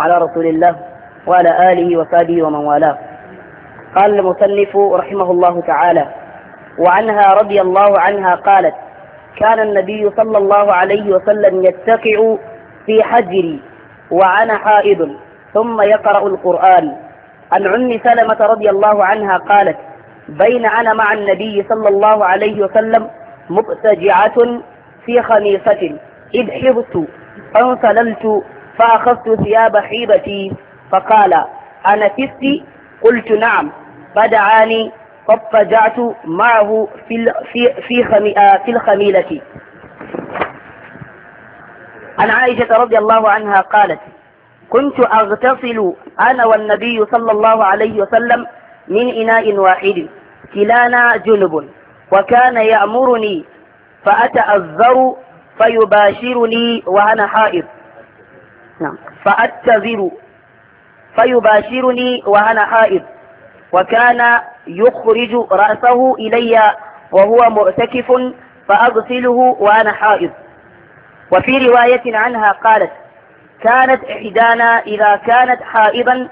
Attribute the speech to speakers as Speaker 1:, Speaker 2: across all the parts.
Speaker 1: على رسول الله وعلى آله وصحبه ومن والاه قال المصنف رحمه الله تعالى وعنها رضي الله عنها قالت كان النبي صلى الله عليه وسلم يتقع في حجري وعن حائض ثم يقرأ القرآن عن عم سلمة رضي الله عنها قالت بين أنا مع النبي صلى الله عليه وسلم مبتجعة في خميصة إذ حبت فانسللت فأخذت ثياب حيبتي فقال أنا كست قلت نعم فدعاني فاضطجعت معه في في آه، في الخميلة عن عائشة رضي الله عنها قالت كنت أغتسل أنا والنبي صلى الله عليه وسلم من إناء واحد كلانا جنب وكان يأمرني فأتأذر فيباشرني وأنا حائض نعم فأتذر فيباشرني وأنا حائض وكان يخرج رأسه إلي وهو معتكف فأغسله وأنا حائض وفي رواية عنها قالت كانت إحدانا إذا كانت حائضا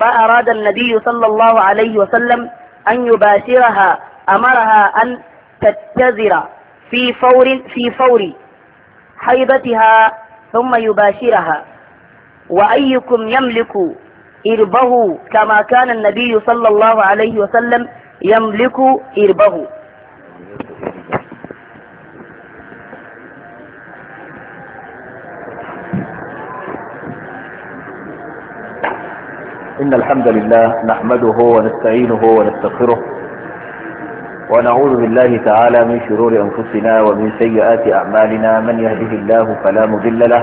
Speaker 1: فأراد النبي صلى الله عليه وسلم أن يباشرها أمرها أن تتزر في فور في فور حيبتها ثم يباشرها وأيكم يملك إربه كما كان النبي صلى الله عليه وسلم يملك إربه
Speaker 2: إن الحمد لله نحمده ونستعينه ونستغفره ونعوذ بالله تعالى من شرور أنفسنا ومن سيئات أعمالنا من يهده الله فلا مضل له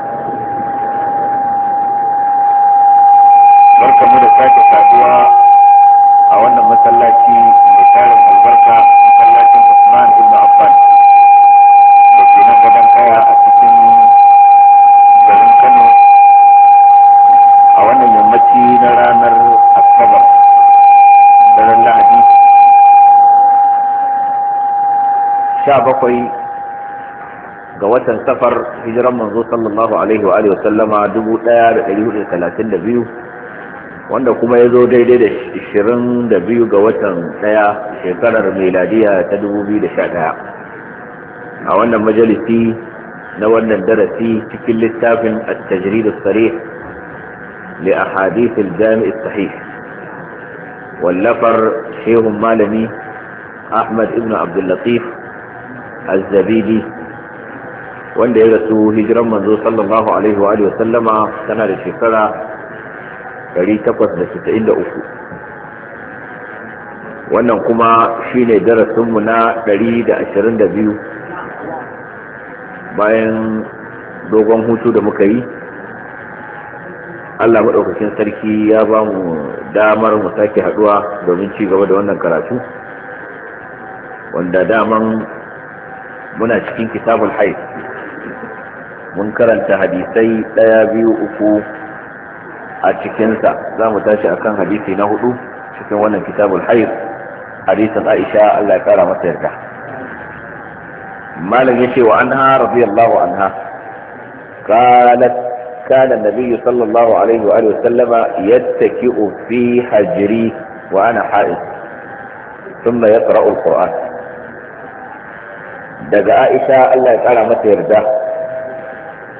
Speaker 2: barkamu da sake saduwa a wannan masallaci mai tarin
Speaker 3: albarka masallacin Usman ibn Affan da ke nan gadon kaya a cikin garin Kano a wannan
Speaker 2: yammaci na ranar Asabar daren Lahadi sha bakwai ga watan safar hijiran manzo sallallahu alaihi wa alihi wa sallama 1432 wanda kuma ya zo daidai da 22 ga watan daya shekarar meladiya ta 2011 a wannan majalisi na wannan darasi cikin littafin a التجريد الصريح لأحاديث الجامع الصحيح واللفر Wallafar مالمي أحمد ابن عبد اللطيف الزبيدي wanda ya rasu hijiran manzo sallallahu alaihi wa sallama tana da shekara 1863 wannan kuma shine darasinmu na 122 bayan dogon hutu da muka yi Allah maɗaukakin sarki ya ba mu damar mu sake haɗuwa domin ci gaba da wannan karatu wanda daman muna cikin kitabul haif mun karanta hadisai ɗaya biyu uku a cikinsa za mu tashi a kan hadisi na hudu cikin wannan kitabul hayr hadisin aisha Allah ya kara masa yarda malam yace wa anha radiyallahu anha qalat kana an-nabiy sallallahu alaihi wa alihi wasallama yattaki'u fi hajri wa ana ha'id thumma yaqra'u al-qur'an daga aisha Allah ya kara masa yarda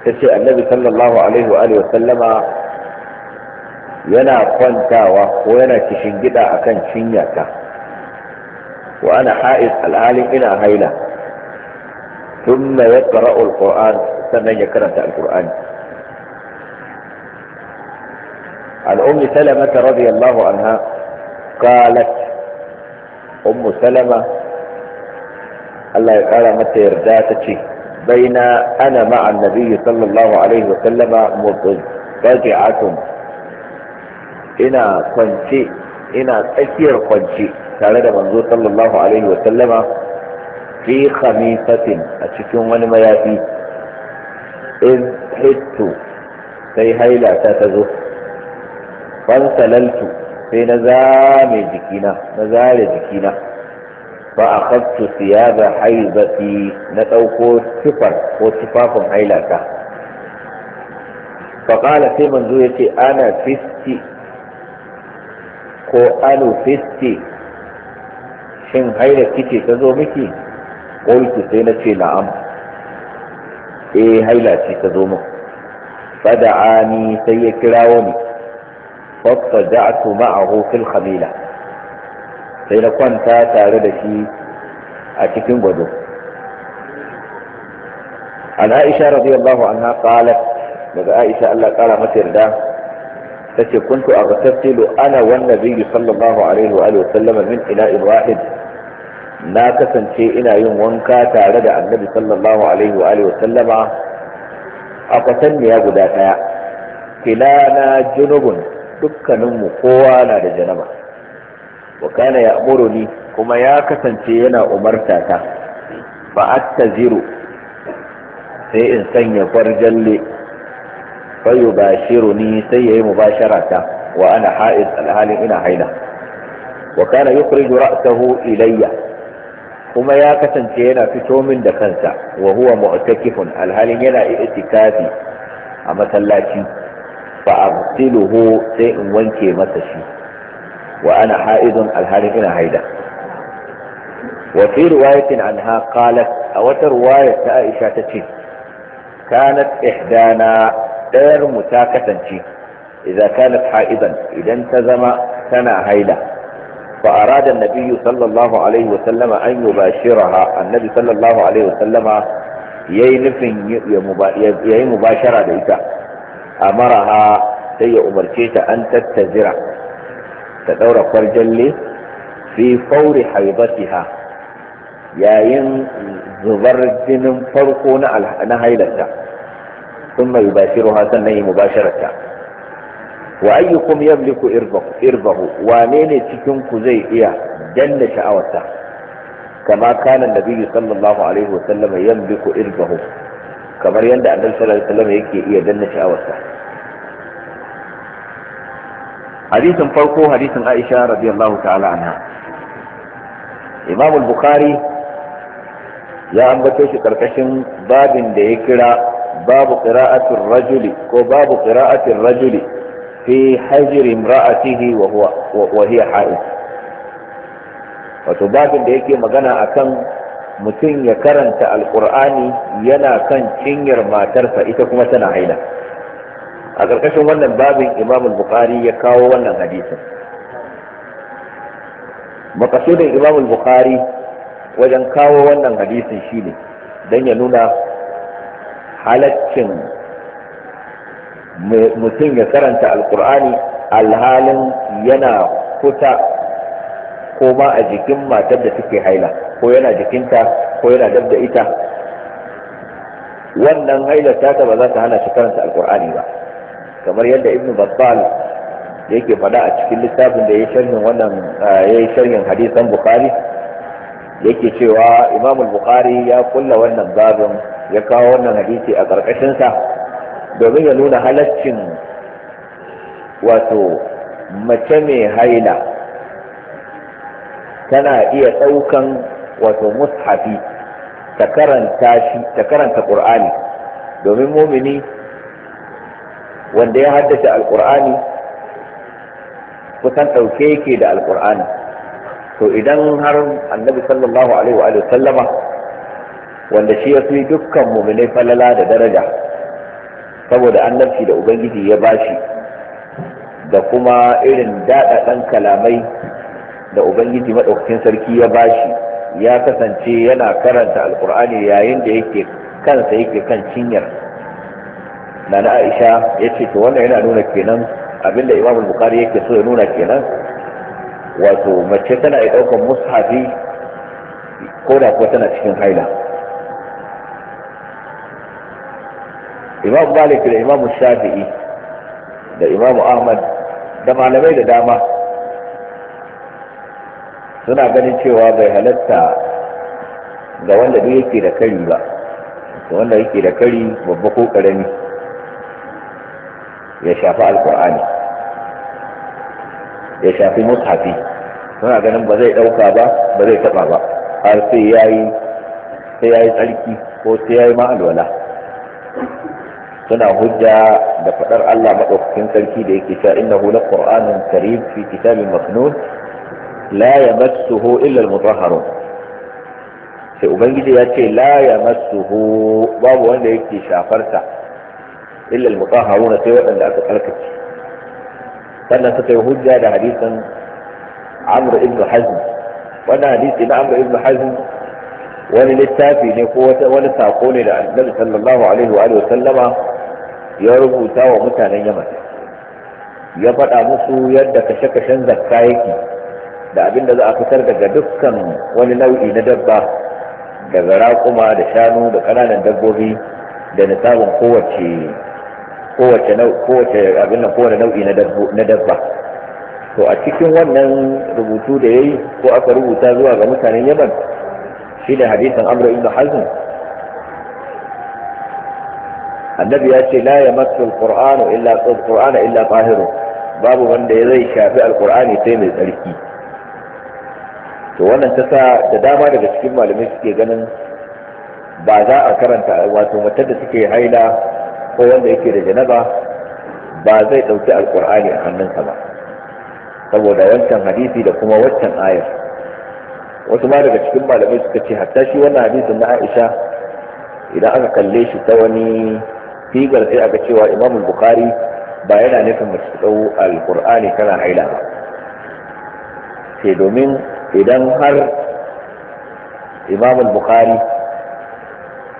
Speaker 2: tace annabi sallallahu alaihi wa alihi wasallama yana kwantawa ko yana kishin gida a kan cinyata wa ana ha'id alhalin ina haila tun thumma yaqra'u alquran sannan ya karanta alquran an ummi salama radiyallahu anha qalat ummu salama Allah ya kara mata yarda ta ce baina ana ma'an annabi sallallahu alaihi wa sallama mudajjatun ina kwance ina tsakiyar kwance tare da manzo sallallahu alaihi wa sallama fi khamisatin a cikin wani mayafi in hittu sai haila ta ta zo fansalaltu sai na zame jikina na zare jikina fa akhadtu thiyaba haibati na ɗauko tufar ko tufafin hailata fa qala sai manzo ya ce ana fisti ko anu fisti shin haila kice ta zo miki qultu sai na ce na'am eh haila ce ta zo min fada'ani sai ya kirawo ni fada'atu a fil khamila sai na kwanta tare da shi a cikin gwado an aisha radiyallahu anha qalat daga aisha Allah kara mata yarda tace kuntu aghtasilu ana wan nabiyyu sallallahu alaihi wa alihi wasallam min ina'in wahid na kasance ina yin wanka tare da annabi sallallahu alaihi wa alihi wasallama a kwatanniya guda daya kilana junubun dukkaninmu kowa na da janaba wa kana ya'muruni kuma ya kasance yana umarta ta fa sai in sanya farjalle fayu ba shiru ni sai ya yi mubashara ta wa ana ha'iz alhalin ina haila wa kana yukhriju ra'sahu ilayya kuma ya kasance yana fito min da kansa wa huwa mu'takifun alhalin yana itikafi a masallaci fa abtiluhu sai in wanke masa shi wa ana ha'izun alhalin ina haida wa fi riwayatin anha qalat a wata riwayar ta Aisha tace kanat ihdana ɗayar mu ta kasance idza kanat idan ta zama tana haila fa arada an sallallahu alaihi wa sallama an yubashiraha annabi sallallahu alaihi wa sallama yayi nufin yayi mubashara da ita amaraha sai ya umarce ta an tattazira ta daura kwarjalle fi fauri haibatiha yayin zubar jinin farko na hailarta ثم يباشرها سنه مباشرة وأيكم يملك إرضه, إرضه وانين تكنك زي إياه جنة شعوته كما كان النبي صلى الله عليه وسلم يملك إرضه كما يندى النبي صلى الله عليه وسلم يكي إياه جنة شعوته حديث فوقه حديث عائشة رضي الله تعالى عنها إمام البخاري ya ambato shi karkashin babin da ya kira babu qira'atul rajuli ko babu qira'atul rajuli fi hajr imra'atihi wa huwa wa hiya ha'id wato babin da yake magana akan mutum ya karanta alqur'ani yana kan cinyar matarsa ita kuma tana haila a ƙarƙashin wannan babin imam al-bukhari ya kawo wannan hadisin makasudin imam al-bukhari wajen kawo wannan hadisin shine dan ya nuna halaccin mutum ya karanta alkur'ani alhalin yana kuta ko ma a jikin matar da take haila ko yana jikinta ko yana dab da ita wannan hailar tata ba za ta hana shi karanta alkur'ani ba kamar yadda ibn babbal yake faɗa a cikin littafin da ya sharhin wannan ya yi sharhin hadisan bukhari yake cewa imam al-bukhari ya kulla wannan babin ya kawo wannan hadisi a ƙarƙashinsa, domin ya nuna halaccin wato mace mai haila tana iya ɗaukan wato mushafi ta karanta shi ta karanta domin mumini wanda ya haddace alqur'ani kusan ɗauke yake da alqur'ani to idan har annabi sallallahu alaihi wa sallama wanda shi ya fi dukkan muminai falala da daraja saboda annabci da ubangiji ya bashi da kuma irin daɗaɗan kalamai da ubangiji maɗaukacin sarki ya bashi ya kasance yana karanta alkur'ani yayin da yake kansa yake kan cinyar na na aisha ya ce to wannan yana nuna kenan abinda imam bukari yake so ya nuna kenan wato mace tana yi ɗaukar mushafi ko da kuwa tana cikin haila imam malik da imam shafi'i da imam ahmad da malamai da dama suna ganin cewa bai halatta ga wanda duk yake da kari ba wanda yake da kari babba ko karami ya shafi alkur'ani ya shafi mushafi suna ganin ba zai ɗauka ba ba zai taɓa ba har sai ya yi sai ya yi tsarki ko sai ya yi ma'alwala suna hujja da faɗar Allah maɗaukakin sarki da yake cewa innahu la qur'anun karim fi kitabin maknun la yamassuhu illa al sai ubangiji ya ce la yamassuhu babu wanda yake shafar sa illa al-mutahharun sai waɗanda aka tsarkake sannan suka yi hujja da hadisin amr ibn hazm wannan hadisi na amr ibn hazm wani littafi ne ko wani sako ne da annabi sallallahu alaihi wa sallama ya rubuta wa mutanen yaman ya faɗa musu yadda kashe-kashen zakka yake da abin da za a fitar daga dukkan wani nau'i na dabba daga raƙuma da shanu da ƙananan dabbobi da nisabin kowace kowace abin nan kowace nau'i na dabba to a cikin wannan rubutu da yayi ko aka rubuta zuwa ga mutanen Yaman shi da hadisin Amr ibn Hazm annabi ya ce la yamassu al-qur'anu illa al-qur'ana illa tahirun babu wanda ya zai shafi alkur'ani sai mai tsarki to wannan ta sa da dama daga cikin malamai suke ganin ba za a karanta wato matar da suke haila ko wanda yake da janaba ba zai ɗauki alkur'ani a hannunsa ba saboda wancan hadisi da kuma waccan ayar wasu ma daga cikin malamai suka ce hatta shi wannan hadisin na aisha idan aka kalle shi ta wani figar sai aka cewa imam bukhari ba yana nufin mace ɗau alkur'ani tana haila ba sai domin idan har imam bukhari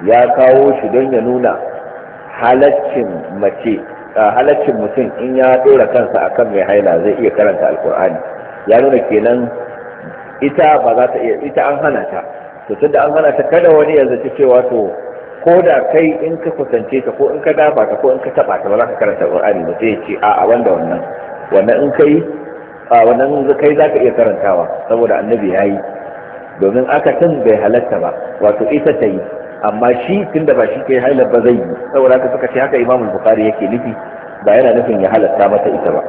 Speaker 2: ya kawo shi don ya nuna halaccin mace a halaccin mutum in ya dora kansa akan mai haila zai iya karanta alkur'ani ya nuna kenan ita ba za ta iya ita an hana ta to tunda an hana ta kada wani ya zaci cewa to ko da kai in ka kusance ta ko in ka dafa ta ko in ka taba ta ba za ka karanta alkur'ani ba sai ya ce a'a wanda wannan wannan in kai a wannan kai za ka iya karantawa saboda annabi ya yi domin aka tun bai halatta ba wato ita ta yi amma shi da ba shi kai halar ba zai yi saboda ka suka ce haka imamul bukari yake nufi ba yana nufin ya halatta mata ita ba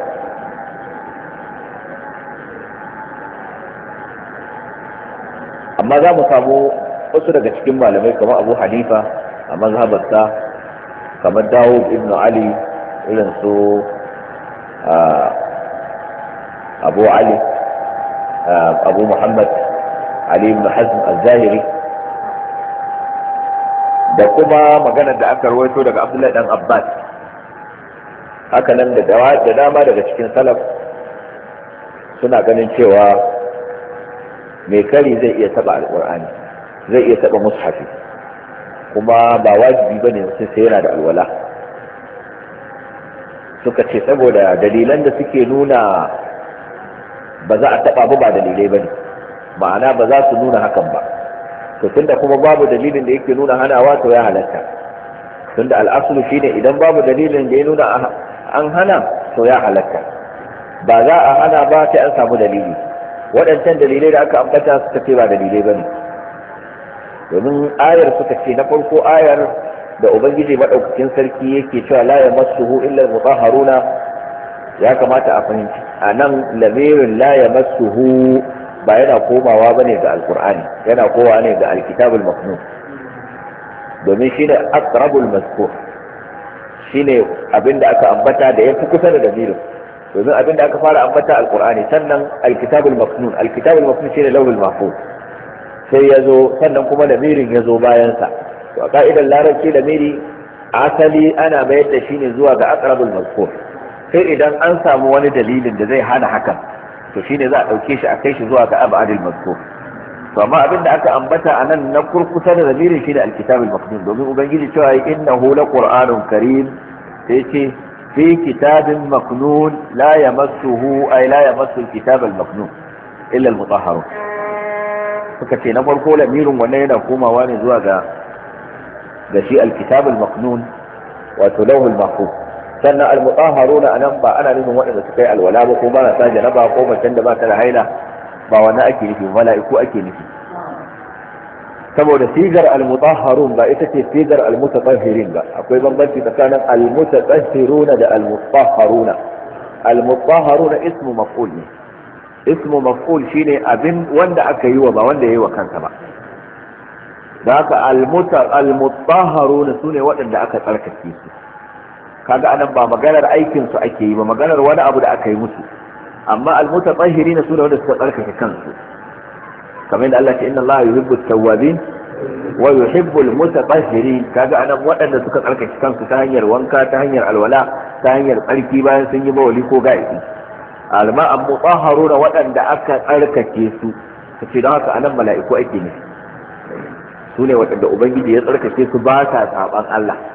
Speaker 2: amma za mu samu wasu daga cikin malamai kamar abu hanifa a mazhabarsa kamar dawo ibn ali irin su abu ali abu muhammad ali ibn hazm al-zahiri da kuma maganar da aka rawaito daga abdullahi dan abbas haka nan da da dama daga cikin salaf suna ganin cewa mai kari zai iya taba alqur'ani zai iya taba mushafi kuma ba wajibi bane sai sai yana da alwala suka ce saboda dalilan da suke nuna ba za a taba ba dalilai bane ma'ana ba za su nuna hakan ba to tunda kuma babu dalilin da yake nuna hanawa to ya halatta tunda al'asulu shine idan babu dalilin da ya nuna an hana to ya halatta ba za a hana ba sai an samu dalili waɗancan dalilai da aka ambata suka ce ba dalilai bane domin ayar suka ce na farko ayar da ubangiji madaukakin sarki yake cewa la yamassuhu illa al-mutahharuna ya kamata a fahimci anan lamirin la yamassuhu ba yana komawa ba ne ga alkur'ani yana kowa ne ga alkitabul maknun domin shi ne akrabul mazkur shi ne abinda aka ambata da ya fi kusa da damirin domin abinda aka fara ambata alkur'ani sannan alkitabul maknun alkitabul maknun shi ne lauhul mahfuz sai ya zo sannan kuma damirin ya zo bayansa to a ka'idar larabci damiri asali ana mayar da shi ne zuwa ga akrabul mazkur sai idan an samu wani dalilin da zai hana hakan to shine za a ɗauke shi a kai shi zuwa ga abadil mazkur to amma abinda aka ambata a nan na kurkusa da zamirin shi da alkitabul maqdum domin ubangiji cewa innahu laqur'anun karim sai ce fi kitabin maknun la yamassuhu ay la yamassu maknun illa almutahharun suka ce na farko lamirin wannan yana komawa ne zuwa ga ga shi alkitabul maknun wato lawhul mahfuz sannan almutahharuna anan ba ana nufin waɗanda suka yi alwala ba ko sa janaba ko macen da ba ta da haila ba wannan ake nufi mala'iku ake nufi saboda sigar almutahharun ba ita ce sigar almutatahhirin ba akwai bambanci tsakanin almutatahhiruna da almutahharuna almutahharuna ismu maf'ul ne ismu maf'ul shine abin wanda aka yi wa ba wanda yayi wa kansa ba da haka almutahharuna sune waɗanda aka tsarkake su kaga anan ba maganar aikin su ake yi ba maganar wani abu da aka yi musu amma almutatahhirin su da wanda suka tsarkake kansu kamar yadda Allah ya inna Allah yuhibbu at-tawwabin wa yuhibbu al-mutatahhirin kaga anan waɗanda suka tsarkake kansu ta hanyar wanka ta hanyar alwala ta hanyar tsarki bayan sun yi bawali ko gaisi alma an mutahharuna waɗanda aka tsarkake su kace don haka anan mala'iku ake ne su ne waɗanda ubangiji ya tsarkake su ba sa saban Allah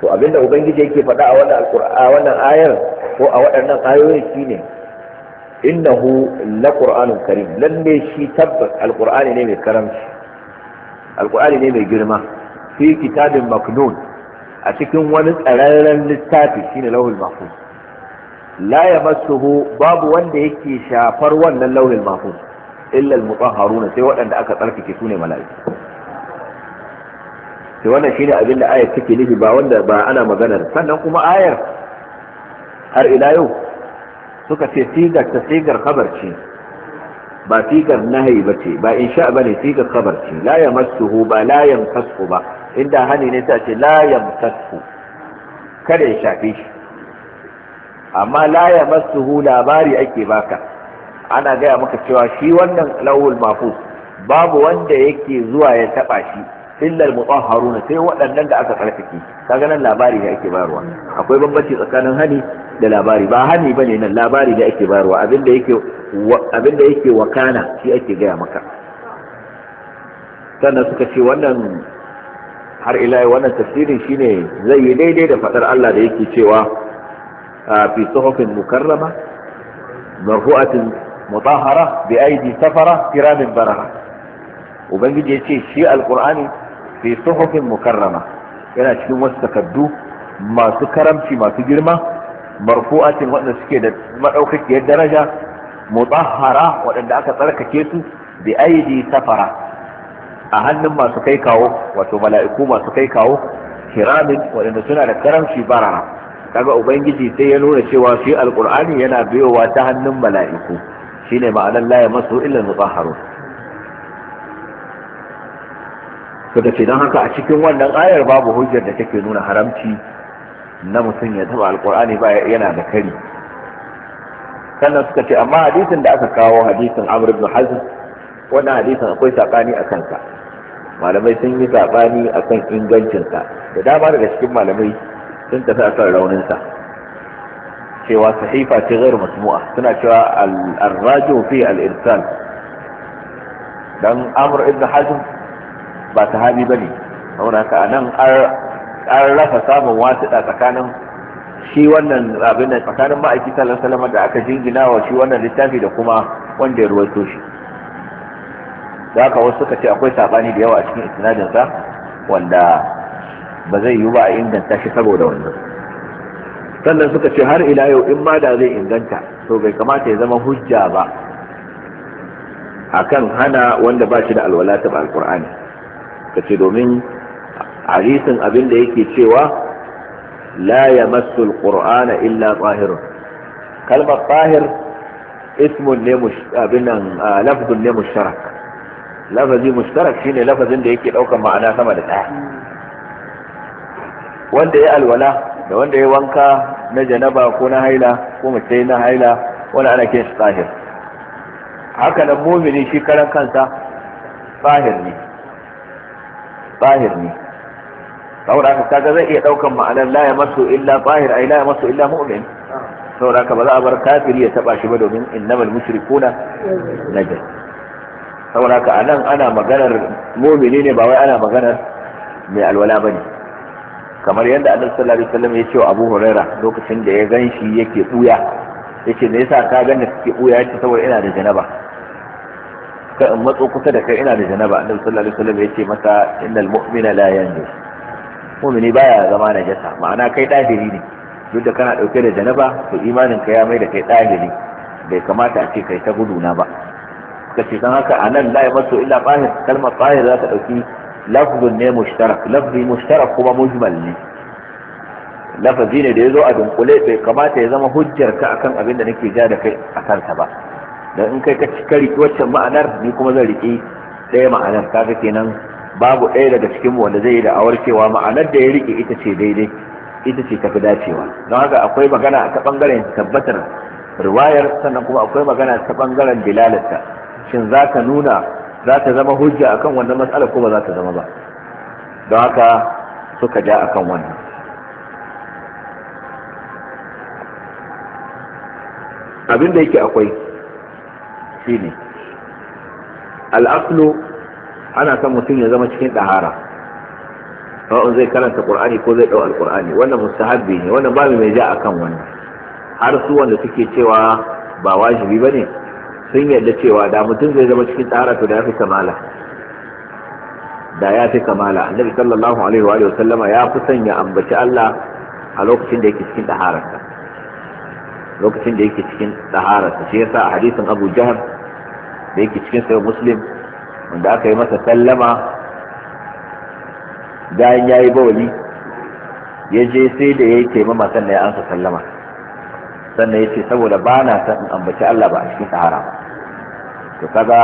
Speaker 2: to abinda ubangiji yake faɗa a wannan alqur'a wannan ayar ko a waɗannan ayoyi shine innahu laqur'anun karim lalle shi tabbas alqur'ani ne mai karamci alqur'ani ne mai girma fi kitabin maknun a cikin wani tsararren littafi shine lauhul mahfuz la yamassuhu babu wanda yake shafar wannan lauhul mahfuz illa al-mutahharun sai waɗanda aka tsarkake su ne mala'iku to wannan shine abin da ayat take nufi ba wanda ba ana maganar sannan kuma ayar har ila yau suka ce sigar ta sigar khabar ce ba sigar nahi ba ce ba insha ba ne sigar khabar ce la yamassuhu ba la yamsasu ba inda hani ne ta ce la yamsasu kada ya shafe shi amma la yamassuhu labari ake baka ana gaya maka cewa shi wannan lawul mafus babu wanda yake zuwa ya taba shi Illar al-mutahharun sai waɗannan da aka tsarkake kaga nan labari da ake bayarwa akwai bambanci tsakanin hani da labari ba hani bane nan labari da ake bayarwa abinda yake abinda yake wakana shi ake gaya maka sannan suka ce wannan har ila wannan tafsirin shine zai yi daidai da fadar Allah da yake cewa fi suhufin mukarrama marfu'atin mutahhara bi aidi safara kiramin barara ubangiji ya ce shi alkur'ani fi suhufin mukarrama yana cikin wasu takaddu masu karamci masu girma marfu'atin waɗanda suke da madaukakiyar daraja mutahhara waɗanda aka tsarkake su bi aidi safara a hannun masu kai kawo wato mala'iku masu kai kawo kiramin waɗanda suna da karamci barara kaga ubangiji sai ya nuna cewa shi alqur'ani yana biyowa ta hannun mala'iku shine ma'anar la masu illa mutahharun suka ce don haka a cikin wannan ayar babu hujjar da take nuna haramci na mutum ya taba alkur'ani ba yana da kari sannan suka ce amma hadisin da aka kawo hadisin amr ibn hazm wannan hadisin akwai sabani a kansa malamai sun yi sabani a kan ingancinsa da dama daga cikin malamai sun tafi a kan sa. cewa sahifa ce ghair masmu'a suna cewa al-rajo fi al-irsal dan amr ibn hazm ba sahabi ba ne saboda haka a nan an rasa samun wasiɗa tsakanin shi wannan abin da tsakanin ma'aiki sallallahu alaihi da aka jingina wa shi wannan littafi da kuma wanda ya ruwaito shi da haka wasu suka ce akwai sabani da yawa a cikin isnadin wanda ba zai yiwu ba a inganta shi saboda wannan sannan suka ce har ila yau in ma da zai inganta to bai kamata ya zama hujja ba akan hana wanda ba shi da alwala ta alqur'ani Ka ce domin hadisin abin da yake cewa la masul alqur'ana illa tahir kalmar tahir ismun ne abin nan, lafzun ne mushtarak lafazi mushtarak shine lafazin da yake daukar ma'ana sama da daya wanda ya alwala da wanda ya wanka na janaba ko na haila ko mace na haila wani ana kiran shi haka nan mumini shi karan kansa tahir ne tsahir ne saboda haka kaga zai iya daukan ma'anar la masu illa tsahir ai la masu illa mu'min saboda haka ba za a bar kafiri ya taba shi ba domin innamal mushrikuna najas saboda haka anan ana maganar mu'mini ne ba wai ana maganar mai alwala bane kamar yadda annabi sallallahu alaihi wasallam ya ce wa Abu Huraira lokacin da ya ganshi yake buya yace me yasa ka ganni kake buya yace saboda ina da janaba ka in matso kusa da kai ina da janaba annabi sallallahu alaihi wasallam yace masa innal mu'mina la yanjus mu'mini baya zama na jasa. ma'ana kai dahiri ne duk da kana dauke da janaba to imanin ka ya mai da kai dahiri bai kamata a ce kai ta guduna ba kace dan haka anan la yamassu illa qahir kalmar qahir za ta dauki lafzun ne mushtarak lafzi mushtarak kuma mujmal ne lafazi ne da ya zo a dunkule bai kamata ya zama hujjar ka akan abin da nake ja da kai a kansa ba dan in kai ka kari waccan ma'anar ni kuma zan riƙe ɗaya ma'anar kaga kenan babu ɗaya daga cikin mu wanda zai yi da'awar cewa ma'anar da ya riƙe ita ce daidai ita ce tafi dacewa don haka akwai magana ta bangaren tabbatar riwayar sannan kuma akwai magana ta bangaren dilalarta shin za ka nuna za ta zama hujja akan wannan matsala ko ba za ta zama ba don haka suka ja akan wannan abin da yake akwai tsarki ne al'aslu ana son mutum ya zama cikin ɗahara sa'un zai karanta ƙur'ani ko zai ɗau alƙur'ani wannan mustahabbi ne wannan babu mai ja akan wannan har su wanda suke cewa ba wajibi ba ne sun yadda cewa da mutum zai zama cikin ɗahara to da ya fi kamala da ya fi kamala annabi sallallahu alaihi wa sallama ya fi sanya ambaci Allah a lokacin da yake cikin ɗahararsa lokacin da yake cikin ɗahararsa shi yasa a hadisin Abu Jahl da yake cikin sayar muslim wanda aka yi masa sallama bayan ya yi bawali ya je sai da ya yi taimama sannan ya ansa sallama sannan ya ce saboda ba na san ambaci Allah ba a cikin sahara ba to kaga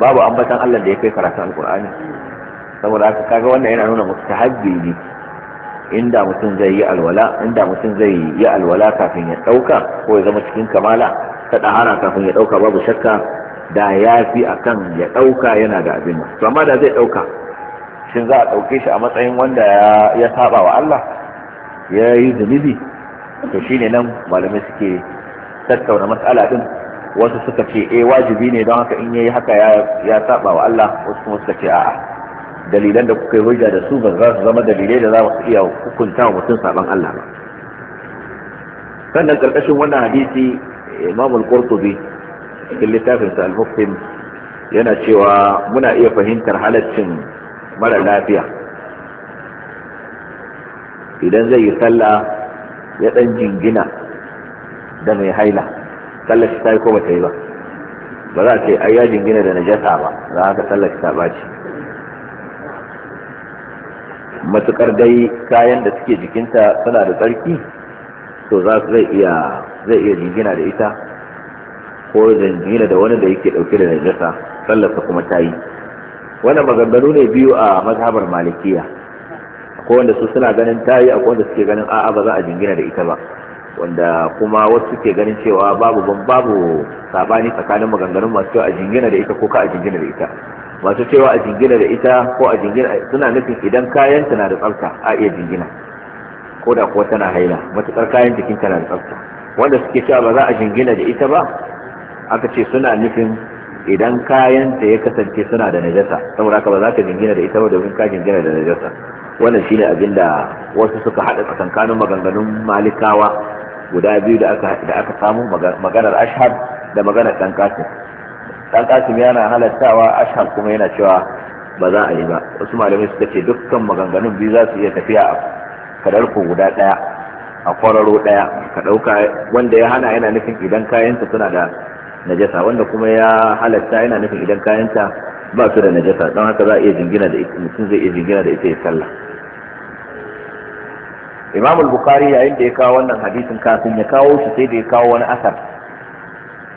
Speaker 2: babu ambatan Allah da ya kai karatun alkur'ani saboda haka kaga wannan yana nuna mustahabbi ne inda mutum zai yi alwala inda mutum zai yi alwala kafin ya dauka ko ya zama cikin kamala ta dahara kafin ya dauka babu shakka da ya fi a kan ya ɗauka yana da abin nan da zai ɗauka shin za a ɗauke shi a matsayin wanda ya saba wa Allah ya yi zunubi to shine nan malamai suke tattauna matsala ɗin wasu suka ce eh wajibi ne don haka in ya yi haka ya saba wa Allah wasu kuma suka ce a'a dalilan da kuka yi hujja da su ba za su zama dalilai da za su iya hukunta wa mutum saban Allah ba sannan karkashin wannan hadisi Imam Al-Qurtubi cikin littafinsa al-muftin yana cewa muna iya fahimtar halaccin mara lafiya idan zai yi sallah ya dan jingina da mai haila sallar ta yi ko bata yi ba ba za a ce ai ya jingina da najasa ba za ka sallar ta ba ce matukar dai kayan da suke jikinta suna da tsarki to za su zai iya jingina da ita ko zanjina da wani da yake dauke da najasa sallarsa kuma ta yi wannan maganganu ne biyu a mazhabar malikiya akwai wanda su suna ganin ta yi akwai wanda suke ganin a'a ba za a jingina da ita ba wanda kuma wasu suke ganin cewa babu ban babu sabani tsakanin maganganun masu cewa a jingina da ita ko ka a jingina da ita masu cewa a jingina da ita ko a jingina suna nufin idan kayan tana da tsafta a iya jingina ko da kuwa tana haila Matuƙar kayan jikin tana da tsafta wanda suke cewa ba za a jingina da ita ba aka ce suna nufin idan kayanta ya kasance suna da najasa saboda haka ba za ka jingina da ita ba domin ka jingina da najasa wannan shine abin da wasu suka hada tsakankanin maganganun malikawa guda biyu da aka da aka samu maganar ashhad da maganar dan kasim dan kasim yana halattawa ashhad kuma yana cewa ba za a yi ba wasu malamai suka ce dukkan maganganun biyu za su iya tafiya a kadarku guda daya a kwararo daya ka dauka wanda ya hana yana nufin idan ta suna da najasa wanda kuma ya halatta yana nufin idan kayanta ba su da najasa don haka za a iya jingina da mutum zai iya jingina da ita ya sallah imam al-bukhari yayin da ya kawo wannan hadisin kafin ya kawo shi sai da ya kawo wani asar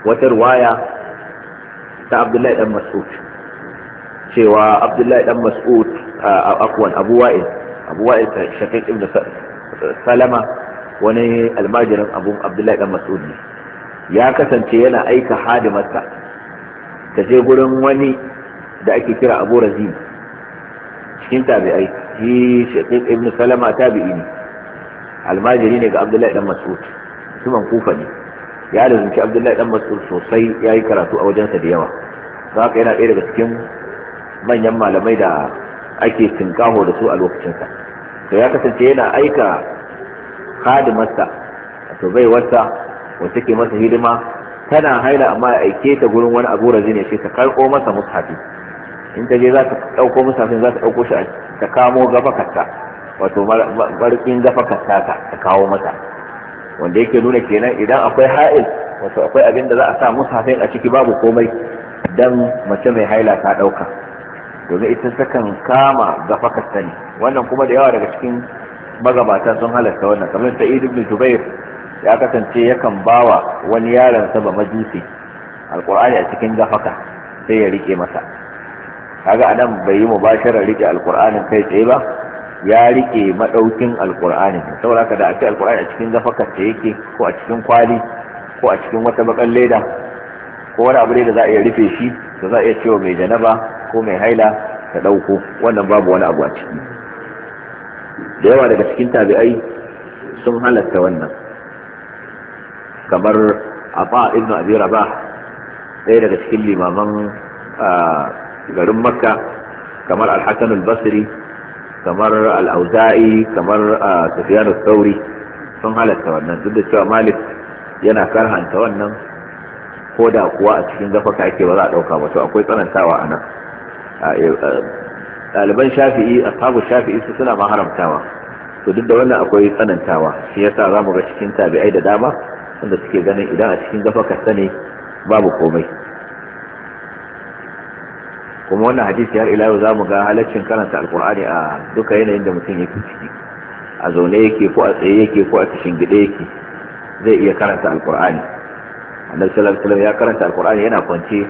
Speaker 2: wata ruwaya ta abdullahi dan mas'ud cewa abdullahi dan mas'ud akwan abu wa'il abu wa'il shaqiq ibn salama wani almajirin abu abdullahi dan mas'ud ne ya kasance yana aika hadimarsa ta je gurin wani da ake kira abu razim cikin tabi'ai shi ibn salama tabi'i ne almajiri ne ga abdullahi dan mas'ud kufa ne ya lazumci abdullahi dan mas'ud sosai ya yi karatu a wajensa da yawa Za ka yana ɗaya daga cikin manyan malamai da ake tinkaho da su a lokacinsa to ya kasance yana aika hadimarsa to bai wata wacce ke masa hidima tana haila amma ya aike ta gurin wani abu da ne ce ta karko masa mushafi in ta je za ta ɗauko mushafin za ta ɗauko shi ta kamo gafakarta wato barkin gafakarta ta kawo mata wanda yake nuna kenan idan akwai ha'il wato akwai abin da za a sa mushafin a ciki babu komai dan mace mai haila ta ɗauka domin ita takan kama gafakarta ne wannan kuma da yawa daga cikin magabata sun halarta wannan kamar sa'id ibn jubair ya kasance yakan bawa wani yaron sa ba majusi alqur'ani a cikin gafaka sai ya rike masa kaga anan bai yi mubasharar rike alqur'anin kai tsaye ba ya rike madaukin alqur'ani saboda da a ce alqur'ani a cikin gafaka ta yake ko a cikin kwali ko a cikin wata bakan leda ko wani abu ne da za a iya rufe shi da za a iya cewa mai janaba ko mai haila ta dauko wannan babu wani abu a ciki da yawa daga cikin tabi'ai sun halatta wannan kamar afa ibn abi ba ɗaya daga cikin limaman garin makka kamar al-hasan kamar al-auza'i kamar sufyan Sa'uri sun halatta wannan duk da cewa malik yana karhanta wannan ko da kuwa a cikin zafaka ake ba za a ɗauka ba to akwai tsanantawa a nan e, ɗaliban shafi'i ashabu shafi'i su suna ma haramtawa to duk da wannan akwai tsanantawa shi yasa za mu ga cikin tabi'ai da dama wanda suke ganin idan a cikin gafakarsa ne babu komai kuma wannan hadisi har ila za mu ga halaccin karanta alkur'ani a duka yanayin da mutum yake ciki a zaune yake ko a tsaye yake ko a cikin gida yake zai iya karanta alkur'ani annabi sallallahu alaihi ya karanta alkur'ani yana kwance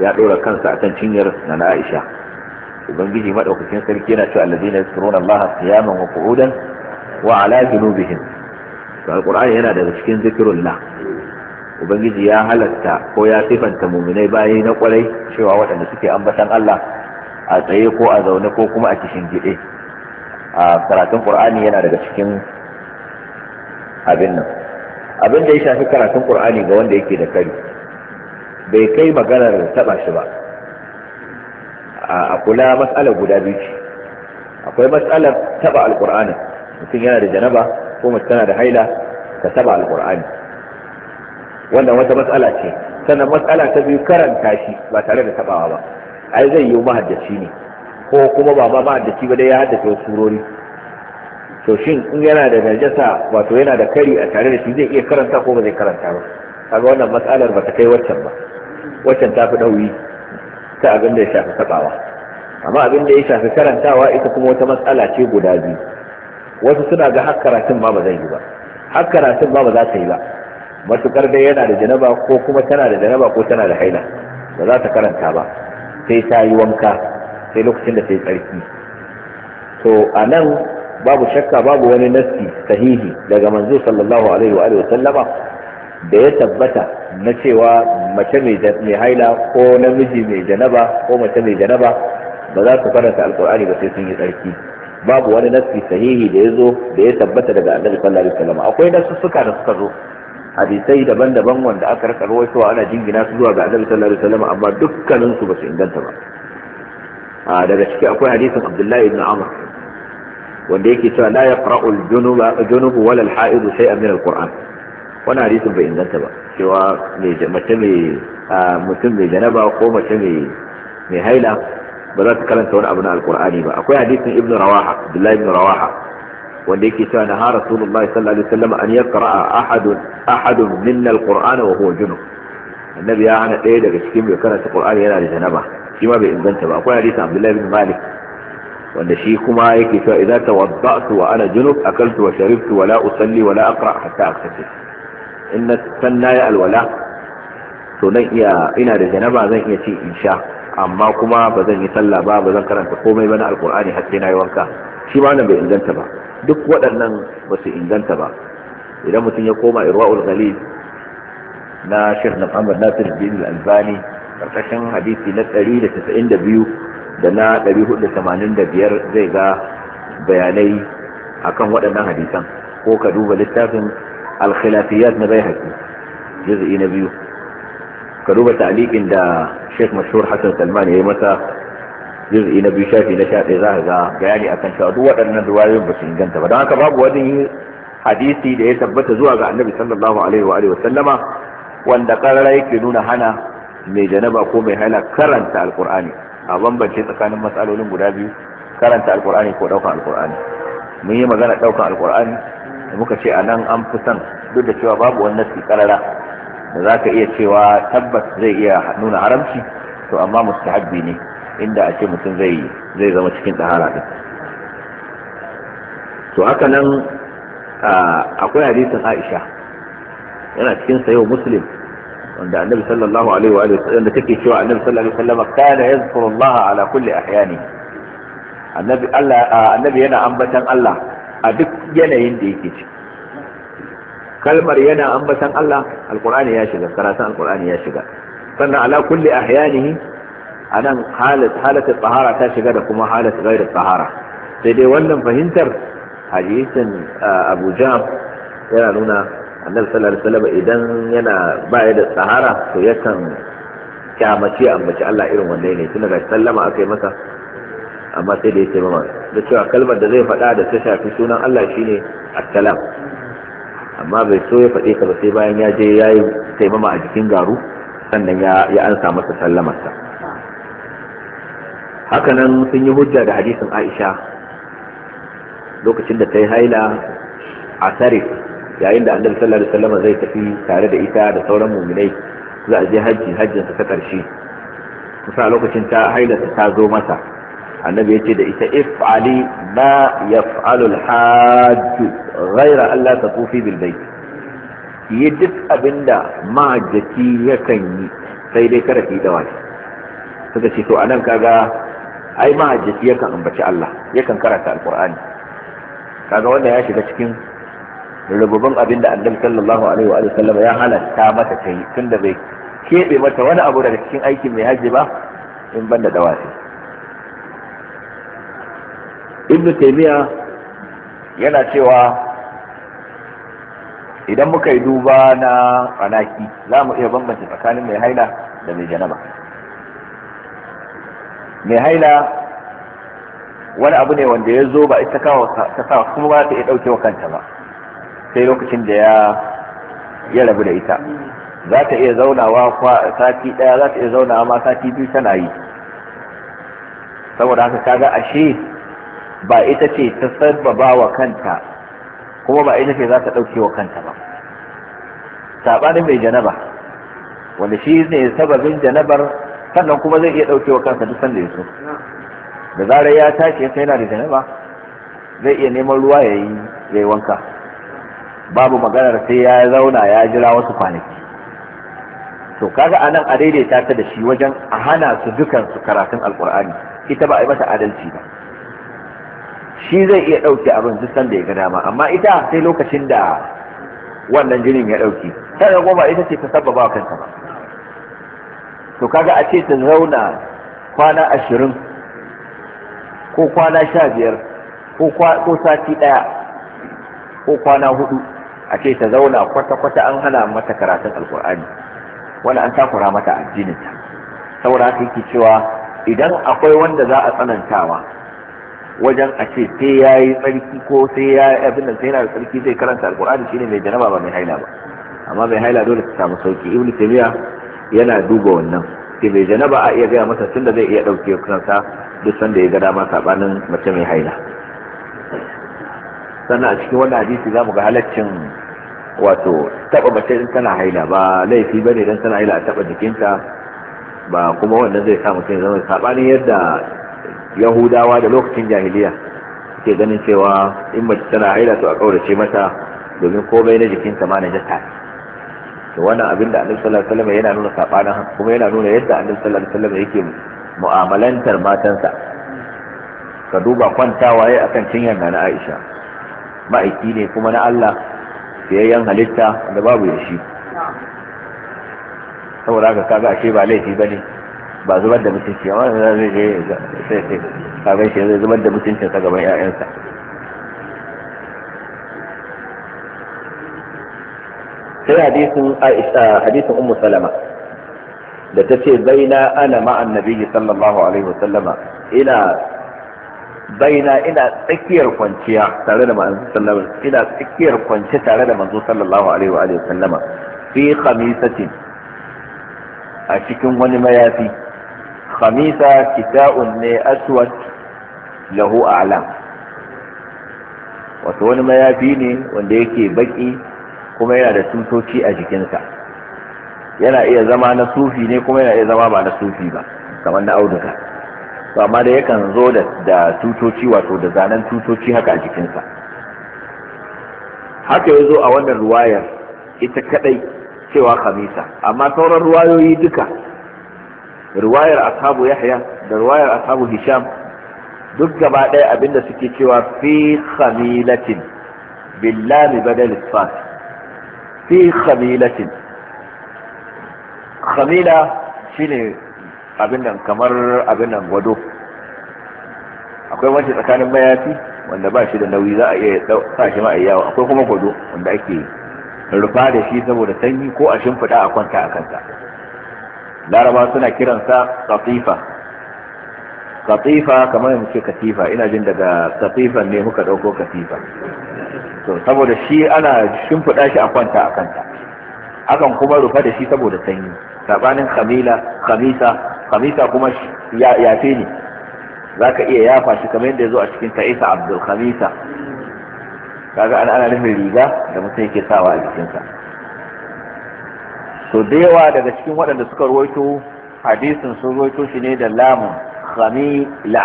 Speaker 2: ya ɗora kansa akan cinyar na Aisha ubangiji maɗaukacin sarki yana cewa allazina yaskuruna allaha qiyaman wa qu'udan wa ala junubihim to alqur'ani yana daga cikin zikrullah ubangiji ya halatta ko ya sifanta muminai bayi na kwarai cewa waɗanda suke ambatan Allah a tsaye ko a zaune ko kuma a kishin gide a karatun qur'ani yana daga cikin abin nan abin da ya shafi karatun qur'ani ga wanda yake da kari bai kai maganar taba shi ba a kula mas'alar guda biyu akwai mas'alar taba alqur'ani mutum yana da janaba ko mace tana da haila ta saba alqur'ani wannan wata matsala ce sannan matsala ta biyu karanta shi ba tare da tabawa ba ai zai yi mahaddaci ne ko kuma ba ma mahaddaci ba dai ya haddace wasu surori to shin in yana da najasa wato yana da kari a tare da shi zai iya karanta ko ba zai karanta ba kaga wannan matsalar ba ta kai waccan ba waccan ta fi ɗauyi ta abin da ya shafi tabawa amma abin da ya shafi karantawa ita kuma wata matsala ce guda biyu wasu suna ga har karatun ma ba zai yi ba har karatun ma ba za ta yi ba matukar dai yana da janaba ko kuma tana da janaba ko tana da haila ba za ta karanta ba sai ta yi wanka sai lokacin da ta yi tsarki to a nan babu shakka babu wani nassi sahihi daga manzo sallallahu alaihi wa alihi sallama da ya tabbata na cewa mace mai haila ko namiji mai janaba ko mace mai janaba ba za su karanta alkur'ani ba sai sun yi tsarki babu wani nassi sahihi da ya zo da ya tabbata daga annabi sallallahu alaihi wasallam akwai suka da suka zo hadisai daban-daban wanda aka rika rawaitowa ana jingina su zuwa ga annabi sallallahu alaihi wasallam amma dukkanin su ba su inganta ba a daga ciki akwai hadisin abdullahi ibn amr wanda yake cewa la yaqra'u al junubu wala al-ha'id shay'an min al-qur'an wannan hadisin bai inganta ba cewa mace mai mutum mai janaba ko mace mai haila ba za ta karanta wani abu na alkur'ani ba akwai hadisin ibnu rawaha abdullahi ibnu rawaha wanda yake cewa na har rasulullahi sallallahu alaihi wasallam an yaqra'a ahadun ahadun minna alqur'ana wa huwa junub annabi ya hana ɗaya daga cikin mai karanta qur'ani yana da janaba shi ma bai inganta ba akwai hadisin abdullahi ibn malik wanda shi kuma yake cewa idza tawadda'tu wa ana junub akaltu wa sharibtu wa la usalli wa la aqra hatta aktasib inna sanna ya alwala to nan iya ina da janaba zan iya ci insha amma kuma ba zan yi sallah ba ba zan karanta komai ba na alkur'ani har sai na yi wanka shi ma nan bai inganta ba duk waɗannan ba su inganta ba idan mutum ya koma irwa'ul ghalil na Sheikh Muhammad Nasir bin Al-Albani karkashin hadisi na 192 da na 485 zai ga bayanai akan waɗannan hadisan ko ka duba littafin al-khilafiyat na Baihaqi juz'i na biyu ka duba ta'liqin da sheikh mashhur hassan salman ya yi masa juz'i na biyu shafi na shafi za ga bayani akan cewa duk waɗannan ruwayoyin basu su inganta ba don haka babu wani hadisi da ya tabbata zuwa ga annabi sallallahu alaihi wa alihi sallama wanda karara yake nuna hana mai janaba ko mai haila karanta alqur'ani a bambance tsakanin matsalolin guda biyu karanta alqur'ani ko daukan alqur'ani mun yi magana daukan alqur'ani muka ce anan an fi son duk da cewa babu wani nasi karara da za ka iya cewa tabbas zai iya nuna haramci to amma mustahabbi ne inda a ce mutum zai zama cikin tsahara din to haka nan akwai hadisin aisha yana cikin sayo muslim wanda annabi sallallahu alaihi wa sallam da take cewa annabi sallallahu alaihi wa sallam kana yazkuru Allah ala kulli ahyani annabi Allah annabi yana ambatan Allah a duk yanayin da yake ciki kalmar yana ambatan Allah alkurani ya shiga karatun alkurani ya shiga sannan ala kulli ahyanihi anan halat halatul tahara ta shiga da kuma halat ghairut tahara sai dai wannan fahimtar hadisin Abu Jam yana nuna annabi sallallahu alaihi wasallam idan yana baya da sahara to yakan kyamaci ambaci Allah irin wannan ne tun daga sallama akai masa amma sai da ya mama da cewa kalmar da zai faɗa da ta shafi sunan Allah shine assalam amma bai so ya faɗe ka ba sai bayan ya je ya yi taimama a jikin garu sannan ya ansa masa sallamarsa hakanan sun yi hujja da hadisin aisha lokacin da ta yi haila a sarif yayin da annabi sallallahu alaihi wasallam zai tafi tare da ita da sauran muminai za a je hajji hajjin ta karshe kusa lokacin ta haila ta zo masa annabi ce da ita if'ali ma ya al-hajj ghayra an la tatufi bilbai. yi duk abinda mahajjaci yakan yi sai dai kada yi dawa suka ce to anan kaga ai mahajjaci yakan ambaci Allah yakan karanta alqur'ani kaga wanda ya shiga cikin rububin abinda annabi sallallahu alaihi wa sallam ya halatta mata kai tunda bai keɓe mata wani abu daga cikin aikin mai hajji ba in banda dawafi ibn taymiya yana cewa idan muka yi duba na anaki, za mu iya bambance tsakanin mai haila da mai janaba mai haila wani abu ne wanda ya zo ba ita ta kawo kuma ba ta iya ɗauke wa kanta ba sai lokacin da ya rabu da ita za ta iya zaunawa sati ɗaya za ta iya zaunawa ma sati biyu tana yi saboda haka kaga ashe ba ita ce ta sababa wa kanta kuma ba ita ce za ta ɗauke wa kanta ba saɓanin mai janaba wanda shi ne sababin janabar sannan kuma zai iya ɗauke wa kansa duk sanda ya so da zarar ya tashi sai yana da janaba zai iya neman ruwa ya yi wanka babu maganar sai ya zauna ya jira wasu kwanaki to kaga anan a daidaita ta da shi wajen a hana su dukansu karatun alkur'ani ita ba a yi mata adalci ba shi zai iya ɗauki abin duk sanda ya ga dama amma ita sai lokacin da wannan jinin ya ɗauki sannan goma ita ce ta sababa kanta ba to kaga a ce ta zauna kwana ashirin ko kwana sha biyar ko sati ɗaya ko kwana hudu a ce ta zauna kwata-kwata an hana mata karatun alkur'ani wani an takura mata addininta saboda haka yake cewa idan akwai wanda za a tsanantawa wajen a ce sai ya yi tsarki ko sai ya yi abin da sai yana da tsarki zai karanta alkur'ani shine mai janaba ba mai haila ba amma mai haila dole ta samu sauki ibn taymiya yana duba wannan sai mai janaba a iya gaya masa tunda zai iya dauke kansa duk sanda ya ga dama sabanin mace mai haila sannan a cikin wannan hadisi za mu ga halaccin wato taba mace in tana haila ba laifi bane dan tana haila a taba jikinta ba kuma wannan zai sa mutum zama sabanin yadda yahudawa da lokacin jahiliya ke ganin cewa in mace tana haila to a kaurace mata domin komai na ta ma na jata to wannan abin da annabi sallallahu alaihi wasallam yana nuna haka, kuma yana nuna yadda annabi sallallahu alaihi wasallam yake mu'amalantar matansa ka duba kwantawa ya akan cinyar na Aisha ma'aiki ne kuma na Allah sayayyen halitta da babu yashi saboda haka kaga ashe ba laifi bane ba zubar da mutunci amma da zai je sai sai shi zai zubar da ta gaban 'ya'yansa sai hadisin Aisha hadisin Ummu Salama da ta ce baina ana ma'an nabiyyi sallallahu alaihi wa sallama ina baina ina tsakiyar kwanciya tare da manzo sallallahu ina tsakiyar tare da manzo sallallahu alaihi wa sallama fi khamisatin a cikin wani mayafi khamisa كتاء ne aswad له a'lam wato wani mayafi ne wanda yake baki kuma yana da tutoci a jikinsa yana iya zama na sufi ne kuma yana iya zama ba na sufi ba kamar na auduga to amma yakan zo da tutoci wato da zanen tutoci haka a haka ya zo a wannan ruwayar ita kadai cewa khamisa amma sauran ruwayoyi duka riwayar ashabu yahya da riwayar ashabu hisham duk gaba ɗaya abinda suke cewa fi khamilatin billami badal isfat fi khamilatin khamila shine abin nan kamar abin nan gwado akwai wani tsakanin mayafi wanda ba shi da nauyi za a iya sa shi ma yawo akwai kuma gwado wanda ake rufa da shi saboda sanyi ko a shimfiɗa a kwanta a kanta laraba suna kiransa katifa katifa kamar mu ce katifa ina jin daga katifan ne muka dauko katifa to saboda shi ana shimfiɗa shi a kwanta a kanta akan kuma rufa da shi saboda sanyi sabanin kamila khamisa khamisa kuma yafe ne zaka iya yafa shi kamar yadda ya zo a cikin ta'isa abdul khamisa kaga ana nufin riga da mutum yake sawa a jikinsa to da yawa daga cikin waɗanda suka ruwaito hadisin sun ruwaito shi ne da lamun khamila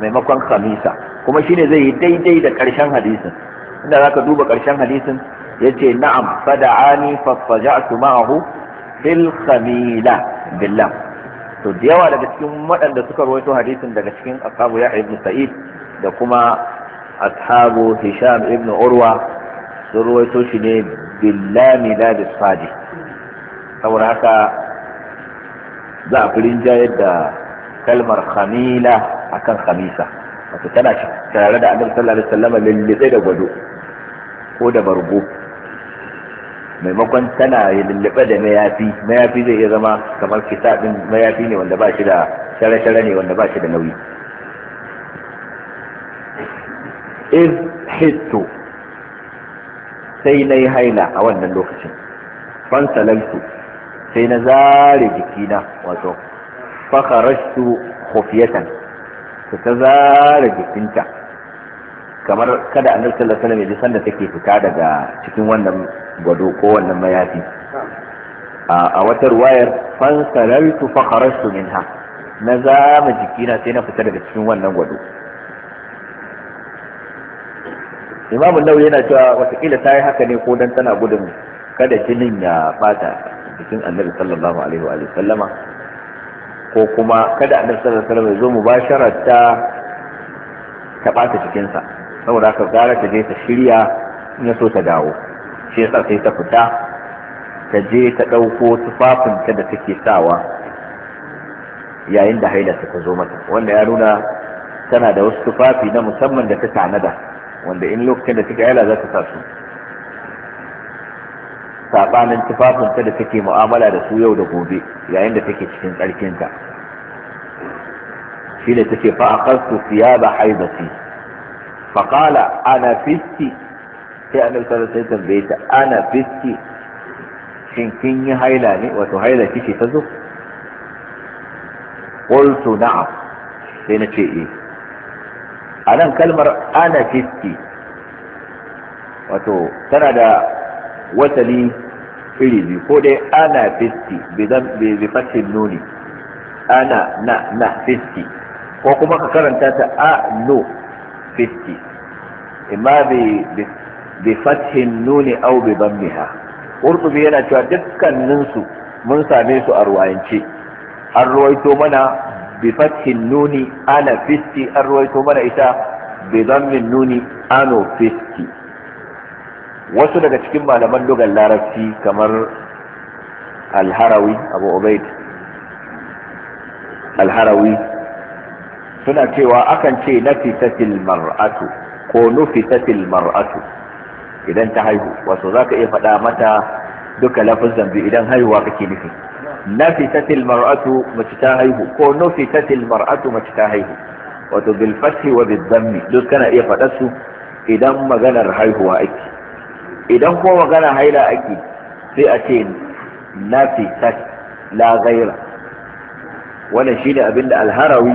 Speaker 2: maimakon khamisa kuma shine zai yi daidai da ƙarshen hadisin inda zaka duba ƙarshen hadisin yace na'am fada'ani fastaja'tu ma'ahu fil khamila billah to da yawa daga cikin waɗanda suka ruwaito hadisin daga cikin ashabu ya ibn sa'id da kuma ashabu hisham ibn urwa sun ruwaito shi ne billami la bisadi saboda haka za a fi rinjayar da kalmar khamila a kan khamisa wato tana tare da annabi sallallahu alaihi wasallam lillibe da gwado ko da bargo maimakon tana lulluɓe da mayafi mayafi zai iya zama kamar kitabin mayafi ne wanda ba shi da share-share ne wanda ba shi da nauyi iz hitto sai na yi haila a wannan lokacin fansalantu sai na zare jikina wato fakharajtu khufiyatan ta ta zare jikinta kamar kada annabi sallallahu alaihi wasallam ya sanda take fita daga cikin wannan gwado ko wannan mayafi a wata ruwayar fan fansalaltu fakharajtu minha na zama jikina sai na fita daga cikin wannan gwado imamu nau yana cewa watakila ta yi haka ne ko dan tana gudun kada jinin ya bata jikin annabi sallallahu alaihi wa sallama ko kuma kada annabi sallallahu alaihi wa ya zo mubasharar ta ta bata jikinsa saboda haka gara ta je ta shirya in ya so ta dawo shi yasa sai ta fita ta je ta ɗauko tufafinta da take sawa yayin da hailata ta zo mata wanda ya nuna tana da wasu tufafi na musamman da ta tanada wanda in lokacin da take haila za ta sa su sabanin tufafinta da take mu'amala da su yau da gobe yayin da take cikin tsarkinta shi ne take fa a aqastu siya da fa qala ana fisti sai annabi sallallahu alaihi wasallam bai ta ana fisti shin kin yi haila ne wato haila kike ta zo qultu na'am sai na ce eh nan kalmar ana fisti wato tana da wasali iri ko dai ana fisti bi fatin nuni ana na na fisti ko kuma ka karanta ta a no fisti imma bi fatin nuni au bi bammiha qurtubi yana cewa dukkaninsu mun same su a ruwayance an ruwaito mana bi fatin nuni ana fisti an ruwaito mana ita bi zammin nuni ano fisti wasu daga cikin malaman lugar larabci kamar alharawi abu ubaid alharawi suna cewa akan ce na nafisatil mar'atu ko nufi nufisatil mar'atu idan ta haihu wasu za ka iya faɗa mata duka lafin bi idan haihuwa kake nufi Na nafisatil mar'atu mace ta haihu ko nufi nufisatil mar'atu mace ta haihu wato bil wa bil dhammi duk kana iya faɗa su idan maganar haihuwa ake idan ko magana haila ake sai a ce na tak la gaira wannan shine abin da alharawi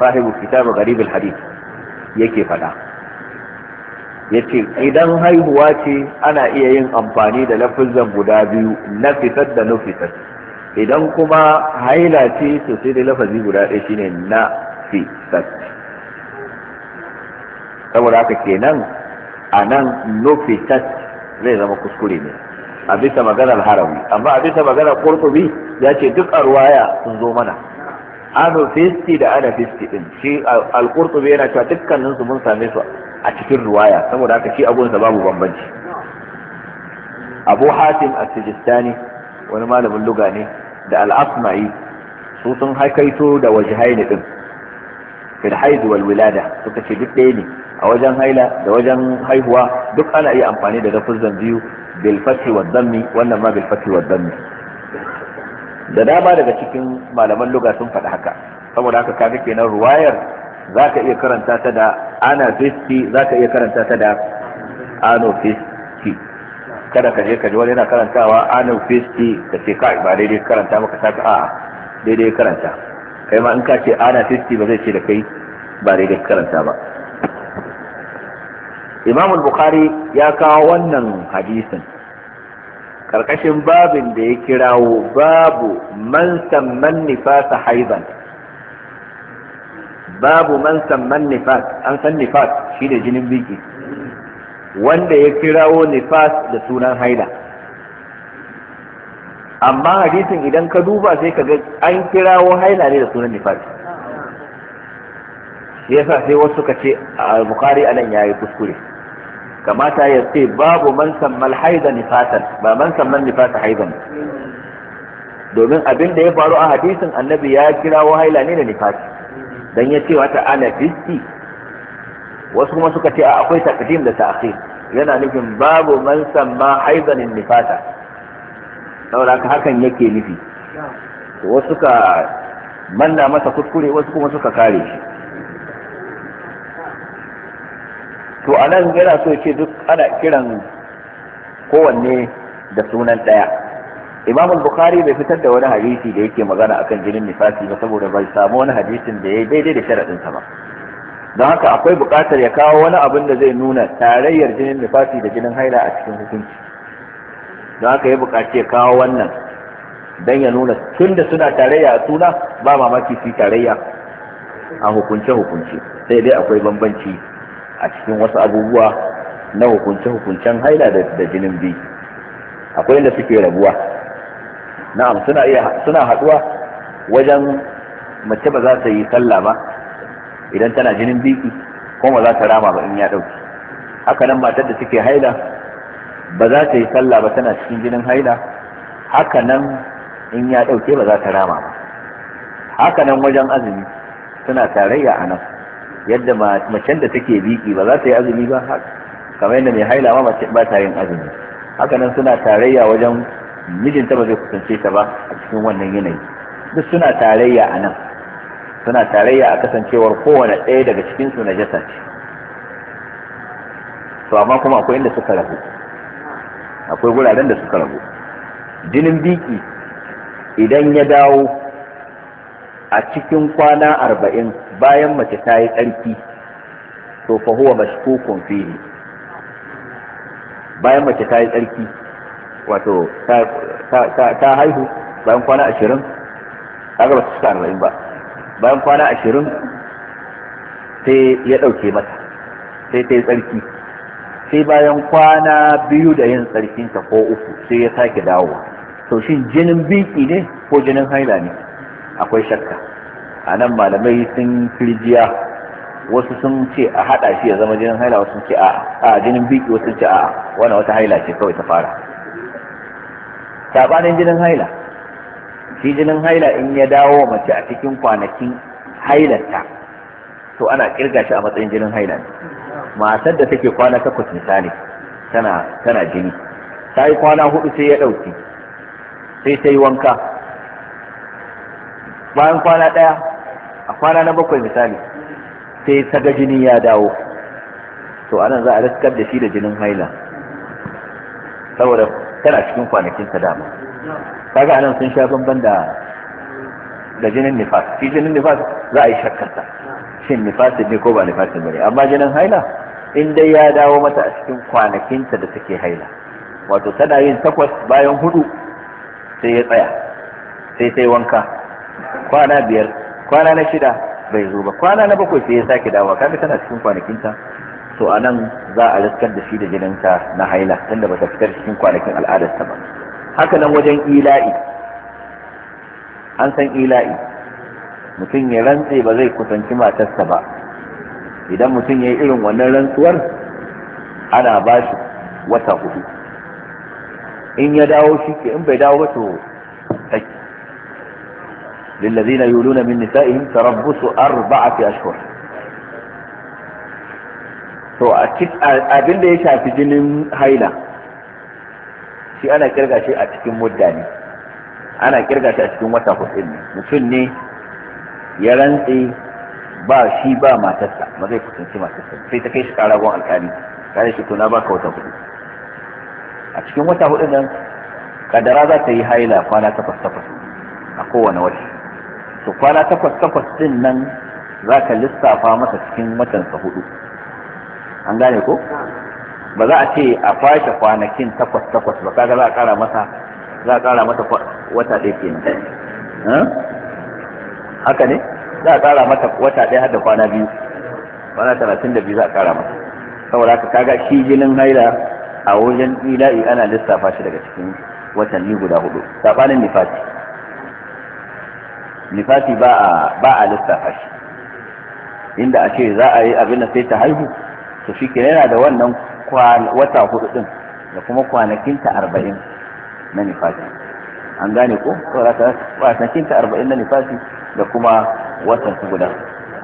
Speaker 2: sahibu kitab gharib alhadith yake fada yace idan haihuwa ce ana iya yin amfani da lafizan guda biyu fitar da nufisat idan kuma haila ce to sai dai lafazi guda ɗaya shine nafisat saboda haka kenan a nan nufisat zai zama kuskure ne a bisa maganar harawi amma a bisa maganar qurtubi ya ce duk arwaya sun zo mana ano fisti da ana fisti din shi al-qurtubi yana cewa dukkanin su mun same su a cikin ruwaya saboda haka shi abun sa babu bambanci abu hatim at-sijistani wani malamin luga ne da al-asma'i su sun haikaito da wajhaini din fil haid wal wilada suka ce duk ɗaya ne a wajen haila da wajen haihuwa duk ana iya amfani da lafuzan biyu bil fathi wa dhammi wannan ma bil fathi wa dhammi da dama daga cikin malaman lugha sun faɗi haka saboda haka kaga kenan ruwayar zaka iya karanta ta da ana fiski zaka iya karanta ta da ano fiski kada ka je ka ji wani yana karantawa ano fiski ka ce kai ba daidai karanta maka ta a daidai karanta kai ma in ka ce ana fiski ba zai ce da kai ba daidai karanta ba imam al-bukhari ya kawo wannan hadisin karkashin babin da ya kirawo babu man samman nifasa haiban babu man samman nifas an san nifas shi da jinin biki wanda ya kirawo nifas da sunan haila amma hadisin idan ka duba sai ka ga an kirawo haila ne da sunan nifas shi yasa sai wasu ka ce al-bukhari anan yi kuskure kamata ya ce babu man sammal haida nifatan ba man sammal nifata haidan domin abin da ya faru a hadisin annabi ya kirawo haila ne da nifati don ya ce wata ana fiski wasu kuma suka ce a akwai takdim da ta'khir yana nufin babu man samma haidan nifata saboda hakan yake nufi wasu ka manna masa kuskure wasu kuma suka kare shi to a nan yana so ce duk ana kiran kowanne da sunan ɗaya imam bukhari bai fitar da wani hadisi da yake magana akan jinin nifasi ba saboda bai samu wani hadisin da ya daidai da sharaɗinsa ba don haka akwai buƙatar ya kawo wani abin da zai nuna tarayyar jinin nifasi da jinin haila a cikin hukunci don haka ya buƙaci ya kawo wannan don ya nuna tun da suna tarayya a suna ba mamaki su tarayya a hukunce-hukunce sai dai akwai bambanci a cikin wasu abubuwa na hukunce-hukuncen haila da jinin bi akwai inda suke rabuwa na'am suna haɗuwa wajen mace ba za ta yi sallah ba idan tana jinin biki ko ba za ta rama ba in ya dauki haka nan matar da suke haila ba za ta yi sallah ba tana cikin jinin haila haka nan in ya ɗauke ba za ta rama ba haka nan wajen azumi suna tarayya a nan yadda macen da take biki ba za ta yi azumi ba kamar yadda mai haila ma ba ta yin azumi haka nan suna tarayya wajen mijinta ba zai kusance ta ba a cikin wannan yanayi duk suna tarayya a nan suna tarayya a kasancewar kowane ɗaya daga cikinsu na jasa ce to amma kuma akwai inda suka rabu akwai guraren da suka rabu jinin biki idan ya dawo a cikin kwana arba'in bayan mace ta yi tsarki to fa huwa mashkukun fihi bayan mace ta yi tsarki wato ta haihu bayan kwana ashirin kaga ba su suka arba'in ba bayan kwana ashirin sai ya ɗauke mata sai ta yi tsarki sai bayan kwana biyu da yin tsarkinta ko uku sai ya sake dawowa to shin jinin biki ne ko jinin haila ne akwai shakka a nan malamai sun firjiya wasu sun ce a haɗa shi ya zama jinin haila wasu ce a a jinin biki wasu ce a Wani wata haila ce kawai ta fara sabanin jinin haila shi jinin haila in ya dawo mace a cikin kwanakin hailarta to ana kirga shi a matsayin jinin haila ne matar da take kwana takwas misali tana jini ta yi kwana hudu sai ya ɗauki sai ta yi wanka bayan kwana ɗaya a kwana na bakwai misali sai ta ga jini ya dawo to anan za a riskar da shi da jinin haila saboda tana cikin kwanakin ta dama kaga anan sun sha bamban da da jinin nifas shi jinin nifas za a yi shakkarta shin nifasin ne ko ba nifasin ne? amma jinin haila in dai ya dawo mata a cikin kwanakin ta da take haila wato tana yin takwas bayan hudu sai ya tsaya sai sai wanka kwana biyar kwana na shida bai zo ba kwana na bakwai sai ya sake dawowa kaga tana cikin kwanakinta to a nan za a riskar da shi da jininta na haila tunda ba ta fitar cikin kwanakin ta ba haka nan wajen ila'i an san ila'i mutum ya rantse ba zai kusanci matarsa ba idan mutum ya yi irin wannan rantsuwar ana ba shi wata hudu in ya dawo shi ke in bai dawo ba to للذين يولون من نسائهم تربص أربعة أشهر to abin da ya shafi jinin haila shi ana kirga shi a cikin mudda ne ana kirga shi a cikin wata hudu ne mutum ne ya rantse ba shi ba matarsa ba zai kusanci matarsa sai ta kai shi kara gon alkali kare shi tuna baka wata hudu a cikin wata hudu nan kadara za ta yi haila kwana takwas takwas a kowane wata to kwana takwas takwas din nan za ka lissafa masa cikin watansa hudu an gane ko ba za a ce a kwashe kwanakin takwas takwas ba kaga za a kara masa za a kara mata wata ɗaya nan haka ne za a kara mata wata ɗaya har da kwana biyu kwana talatin da biyu za a kara mata saboda haka kaga shi jinin haila a wajen ila'i ana lissafa shi daga cikin watanni guda hudu saɓanin nifati Nifati ba a ba a lissafa shi inda a ce za a yi abin da sai ta haihu to shi ke yana da wannan wata hudu din da kuma kwanakin ta arba'in na nifati. an gane ko kwanakin ta arba'in na nifati, da kuma watan su guda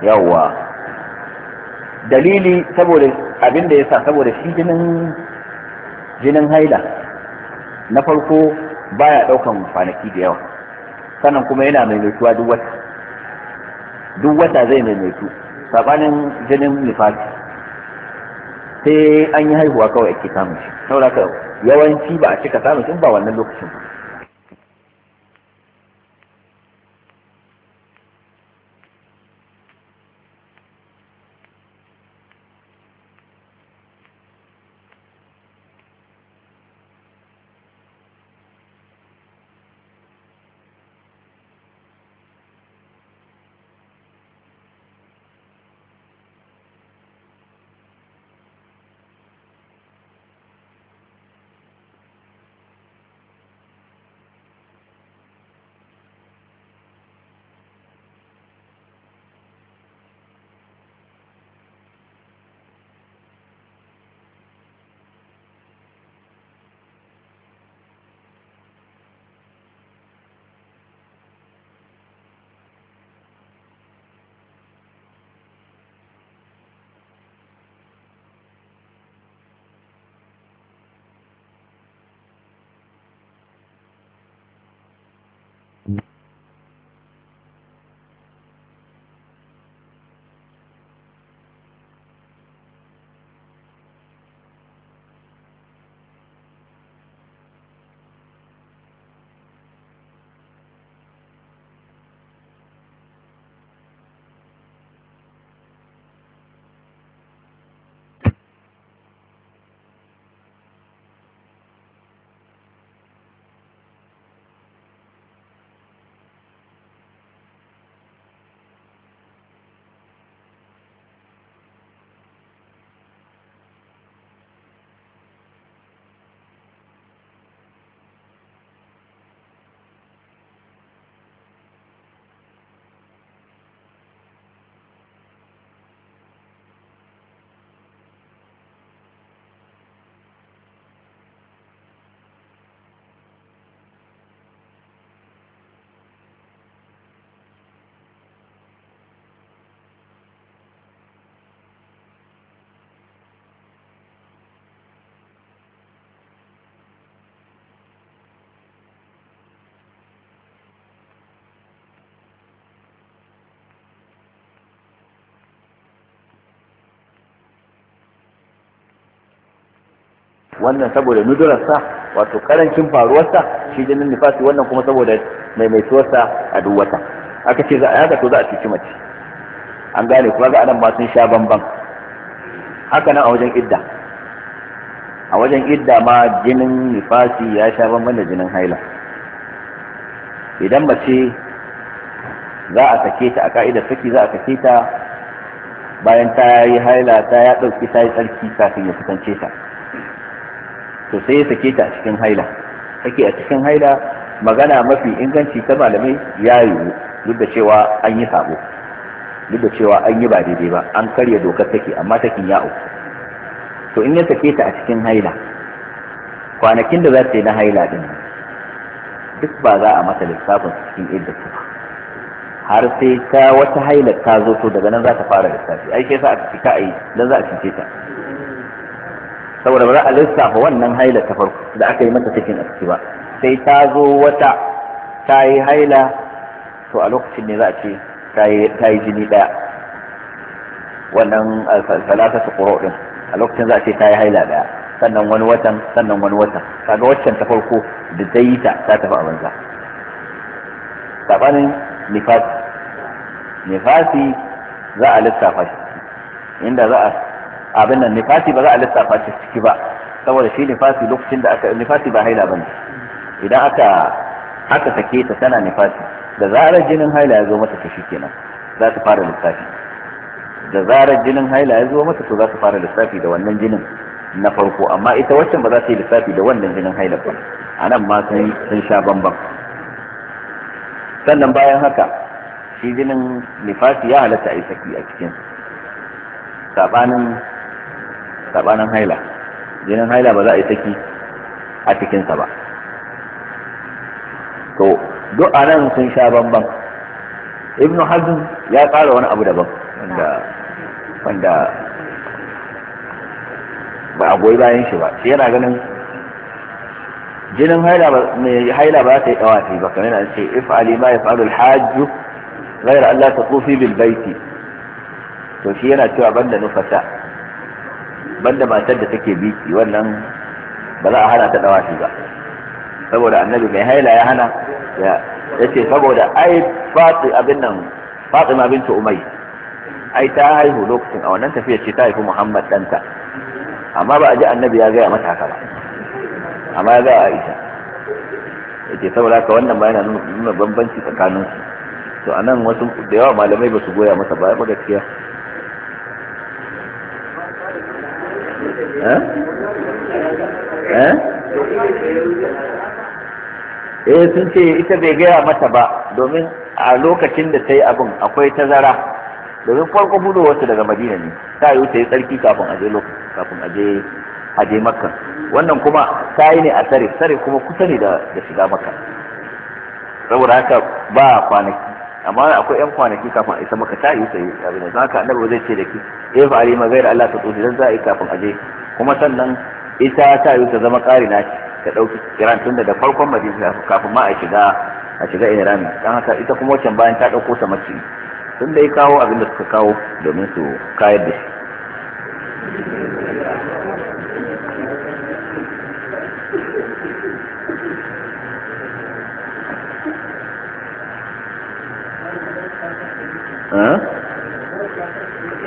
Speaker 2: yawwa dalili saboda abin da ya sa saboda shi jinin jinin haila na farko baya daukan kwanaki da yawa sannan kuma yana maimaituwa duk wata duk wata zai maimaitu sabanin jinin nifas sai an yi haihuwa kawai ake samun shi saboda yawanci ba a cika samun shi ba wannan lokacin ba wannan saboda nudurarsa wato karancin faruwarsa shi jinin nifasi wannan kuma saboda maimaituwarsa a duk wata aka ce za a haka to za a cuci mace an gane kuma ga anan ma sun sha bamban haka nan a wajen idda a wajen idda ma jinin nifasi ya sha bamban da jinin haila idan mace za a sake ta a ka'idar saki za a sake ta bayan ta yi haila ta ya ɗauki ta yi tsarki kafin ya kusance ta to sai ya sake ta a cikin haila sake a cikin haila magana mafi inganci ta malamai ya yiwu duk da cewa an yi sabo duk da cewa an yi ba daidai ba an karya dokar take amma takin ya uku to in ya sake ta a cikin haila kwanakin da za ta yi na haila din duk ba za a mata lissafin cikin idda ta har sai ta wata haila ta zo to daga nan za ta fara lissafi ai sai sa a cika ai dan za a cike ta saboda ba za a lissafa wannan haila ta farko da aka yi mata cikin aski ba sai ta zo wata ta yi haila to a lokacin ne za a ce ta yi jini daya wannan salata su kuro din a lokacin za a ce ta yi haila daya sannan wani watan sannan wani watan kaga waccan ta farko da ta yi ta ta tafi a banza saɓanin nifasi nifasi za a lissafa shi inda za a abin nan nifasi ba za a lissafa shi ciki ba saboda shi nifasi lokacin da aka nifasi ba haila bane idan aka aka sake ta tana nifasi da zarar jinin haila ya zo mata ta shikenan za ta fara lissafi da zarar jinin haila ya zo mata to za ta fara lissafi da wannan jinin na farko amma ita waccan ba za ta yi lissafi da wannan jinin haila ba a nan ma sun sha bambam sannan bayan haka shi jinin nifasi ya halatta a yi saki a cikin sabanin sabanin haila jinin haila ba za a yi saki a cikinsa ba to duk a nan sun sha bamban ibnu hazm ya ƙara wani abu daban wanda wanda ba a goyi bayan shi ba shi yana ganin jinin haila ba haila za ta yi yi ba kamar yana ce if ali ma ya fa'alul hajju ghayra Allah ta tsufi bil baiti to shi yana cewa banda nufasa banda matar da take biki wannan ba za a hana ta dawafi ba saboda annabi mai haila ya hana ya ce saboda ai fatsi abin nan ma bintu umai ai ta haihu lokacin a wannan tafiyar ce ta haifi muhammad danta amma ba a ji annabi ya gaya mata haka ba amma ya gaya aisha yace saboda haka wannan ba yana nuna bambanci tsakaninsu to anan wasu da yawa malamai ba su goya masa ba ba gaskiya
Speaker 3: Eh? Eh?
Speaker 2: eh sun ce ita bai gaya mata ba domin a lokacin da ta yi abin akwai tazara domin farko wasu daga madina ne ta yi ta yi tsarki kafin aje kafin aje aje makka wannan kuma ta yi ne a tsare, tsare kuma kusa ne da shiga makka saboda haka ba kwanaki amma akwai yan kwanaki kafin a isa maka ta yi sai abin da haka annabi zai ce da ki eh fa alima gaira allah ta tsoji dan za a yi kafin aje kuma sannan ita ta yi ta zama ƙari ƙarina ta ɗauki iran tun da farkon majalisa kafin ma a shiga a shiga iran don haka ita kuma wancan bayan ta ɗauko ta mace tun da ya kawo abin da suka kawo domin su kayar da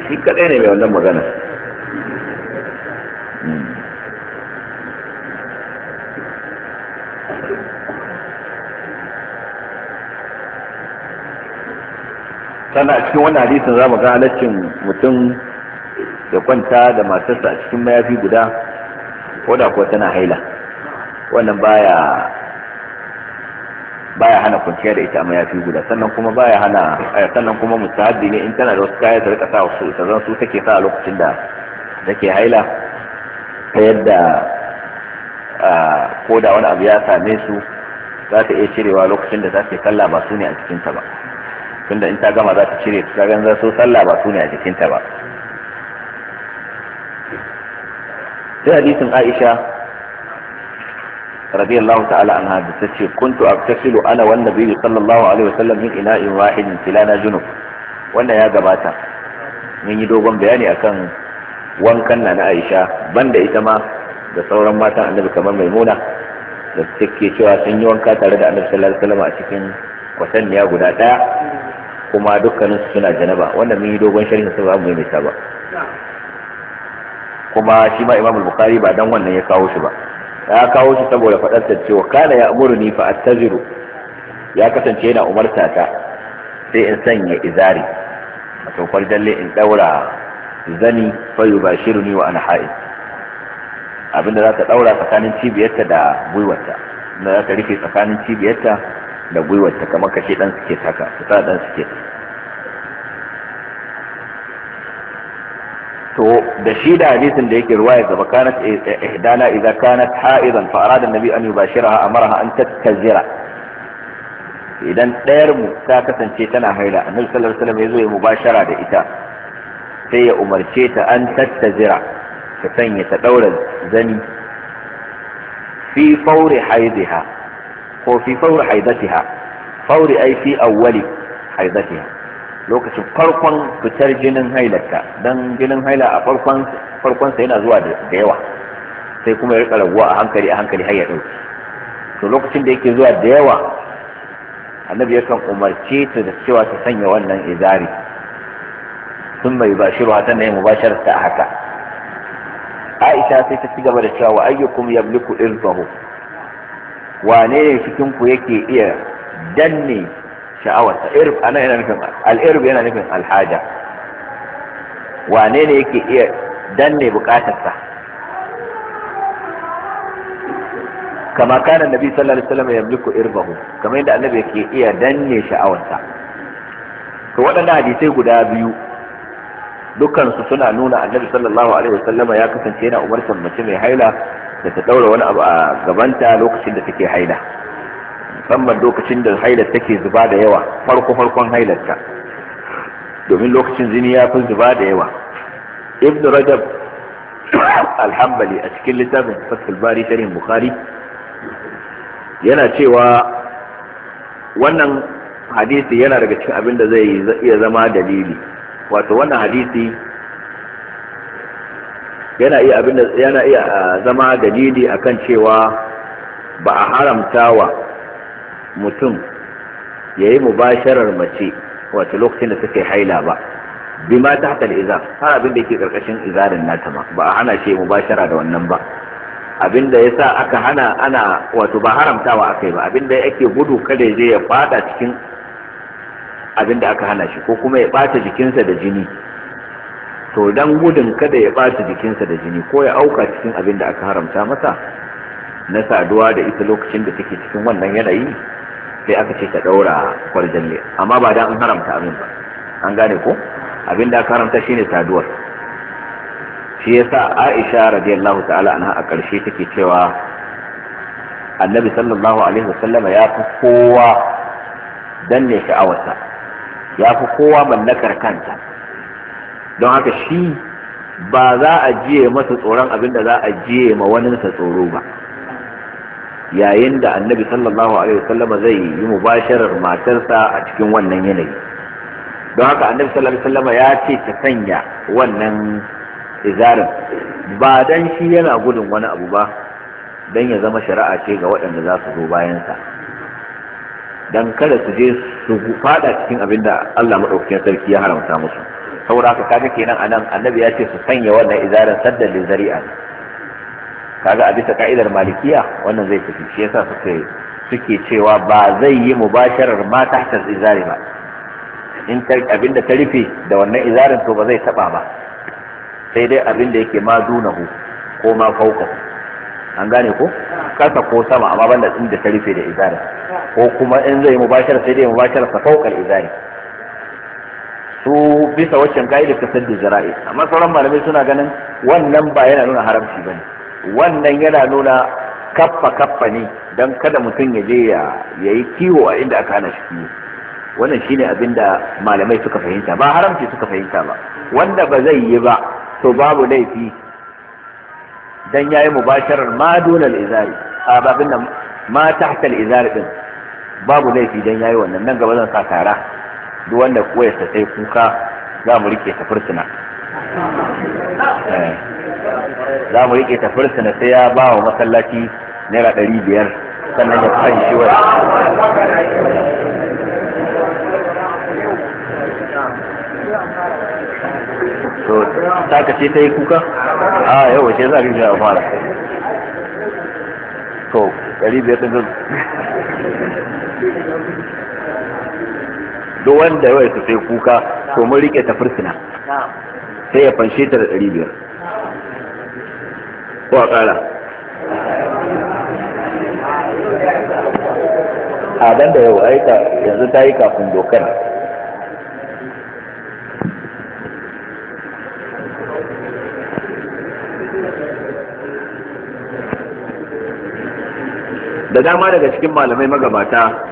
Speaker 2: shi shi kaɗai ne mai wannan magana
Speaker 3: tana cikin wani hadisin za mu ga halaccin
Speaker 2: mutum da kwanta da matarsa a cikin mayafi guda ko da kuwa tana haila wannan baya baya hana kwanciya da ita a mayafi guda sannan kuma baya hana eh, sannan kuma ne in tana da wasu kaya ta rika sa wasu ita zan su take sa a lokacin da take haila ta yadda ko da wani abu ya same su za ta iya cirewa lokacin da za ta kalla ba su ne a cikinta ba tunda in ta gama za ta cire ta gan za so sallah ba su ne a jikinta ba sai hadisin aisha radiyallahu ta'ala anha da ta ce kuntu aktasilu ana wan nabiyyi sallallahu alaihi wasallam min ina'in wahidin filana junub wannan ya gabata mun yi dogon bayani akan wankan na aisha banda ita ma da sauran matan annabi kamar maimuna da take cewa sun yi wanka tare da annabi sallallahu alaihi wasallam a cikin kwatanniya guda daya kuma dukkanin suna janaba wannan mun yi dogon sharhi sai ba mu yi ba kuma shi ma Imam Bukhari ba dan wannan ya kawo shi ba ya kawo shi saboda faɗar ta cewa kana ya ni fa attaziru ya kasance yana umarta ta sai in sanya izari a tokar dalle in daura zani fa yubashiruni wa ana ha'id abinda za ta daura tsakanin cibiyarta da gwiwarta da za ta rike tsakanin cibiyarta da gwiwar ta kamar kashe dan suke saka su dan suke to da shi da hadisin da yake ruwaya gaba kanat eh, eh, ihdana idza kanat ha'idan fa arada an an yubashiraha amaraha an tattazira idan ɗayar mu ta kasance tana haila annabi sallallahu alaihi wasallam ya zo ya mubashara da ita sai ya umarce ta an tattazira ta sanya ta daura zani fi fauri haidiha ko fi fauri haidatiha fauri ai fi awwali haidatiha lokacin farkon fitar jinin hailarta dan jinin haila a farkon farkon sa yana zuwa da yawa sai kuma ya rika a hankali a hankali har ya dauki to lokacin da yake zuwa da yawa annabi kan umarce ta da cewa ta sanya wannan izari sun mai bashiru yin ne mubasharata haka Aisha sai ta ci gaba da cewa wa ayyukum yamliku irzahu wane ne cikin ku yake iya danne sha'awarsa irb anan yana nufin al-irb yana nufin al wane ne yake iya danne bukatarsa kama kana nabi sallallahu alaihi wasallam yamliku irbahu Kama yadda annabi yake iya danne sha'awarsa to waɗannan hadisai guda biyu dukansu suna nuna annabi sallallahu alaihi wasallama ya kasance yana umartar mace mai haila da ta daura wani abu a gabanta lokacin da take haila musamman lokacin da haila take zuba da yawa farko farkon hailarta domin lokacin zini ya fi zuba da yawa ibn rajab alhambali a cikin littafin fatul bari sharhin bukhari yana cewa wannan hadisi yana daga cikin abin da zai iya zama dalili wato wannan hadisi yana iya abin da yana iya zama dalili akan cewa ba a haramta wa mutum ya yi mubasharar mace wato lokacin da suka haila ba bi ma ta hatar izar har abin da yake karkashin izarin nata ma ba a hana shi mubashara da wannan ba abin da ya sa aka hana ana wato ba haramtawa aka yi ba abin da yake gudu kada ya je ya fada cikin abin da aka hana shi ko kuma ya bata jikinsa da jini to dan gudun kada ya ɓata jikinsa da jini ko ya auka cikin abin da aka haramta masa na saduwa da ita lokacin da take cikin wannan yanayi sai aka ce ta ɗaura kwarjalle amma ba dan an haramta abin ba an gane ko abin da aka haramta shine saduwar shi yasa Aisha radiyallahu ta'ala anha a ƙarshe take cewa Annabi sallallahu alaihi wasallam ya fi kowa danne sha'awarsa ya fi kowa mallakar kanta don haka shi ba za a jiye masa tsoron abin da za a jiye ma waninsa tsoro ba yayin da annabi sallallahu alaihi wasallama zai yi mubasharar matarsa a cikin wannan yanayi don haka annabi sallallahu alaihi wasallama ya ce ta sanya wannan izarin ba dan shi yana gudun wani abu ba dan ya zama shari'a ce ga waɗanda za su zo bayansa dan kada su je su fada cikin abin da Allah madaukakin sarki ya haramta musu saboda haka kaga kenan anan annabi ya ce su sanya wannan izarin saddan da zari'a kaga a bisa ka'idar malikiya wannan zai tafi shi yasa suke suke cewa ba zai yi mubasharar ma tahta izari ba in abinda ta rufe da wannan izarin to ba zai taba ba sai dai abinda yake ma dunahu ko ma fauka an gane ko kasa ko sama amma banda inda ta rufe da izarin ko kuma in zai mubashar sai dai mubashar sa fauka izarin su bisa waccan ka'idar kasar da zira'i amma sauran malamai suna ganin wannan ba yana nuna haramci bane wannan yana nuna kaffa kaffa ne don kada mutum ya je ya yi kiwo a inda aka hana shi kiwo wannan shine abin da malamai suka fahimta ba haramci suka fahimta ba wanda ba zai yi ba to babu laifi dan yayi mubasharar ma dole izari a babin nan ma tahta izari din babu laifi dan yayi wannan nan gaba zan sa tara duk wanda ya sai kuka za mu rike ta fursuna eh, za mu rike ta fursuna sai ya ba wa masallaci naira ɗari biyar sannan ya kan shi wani
Speaker 3: to ka ce ta yi kuka a yau wace za a ji a fara
Speaker 2: so ɗari biyar ɗin duk wanda yawai su sai kuka to mun rike ta fursuna sai ya fanshe ta da ɗari biyar ko a ƙara a dan da yau aika yanzu ta yi kafin dokar
Speaker 3: da dama daga cikin
Speaker 2: malamai magabata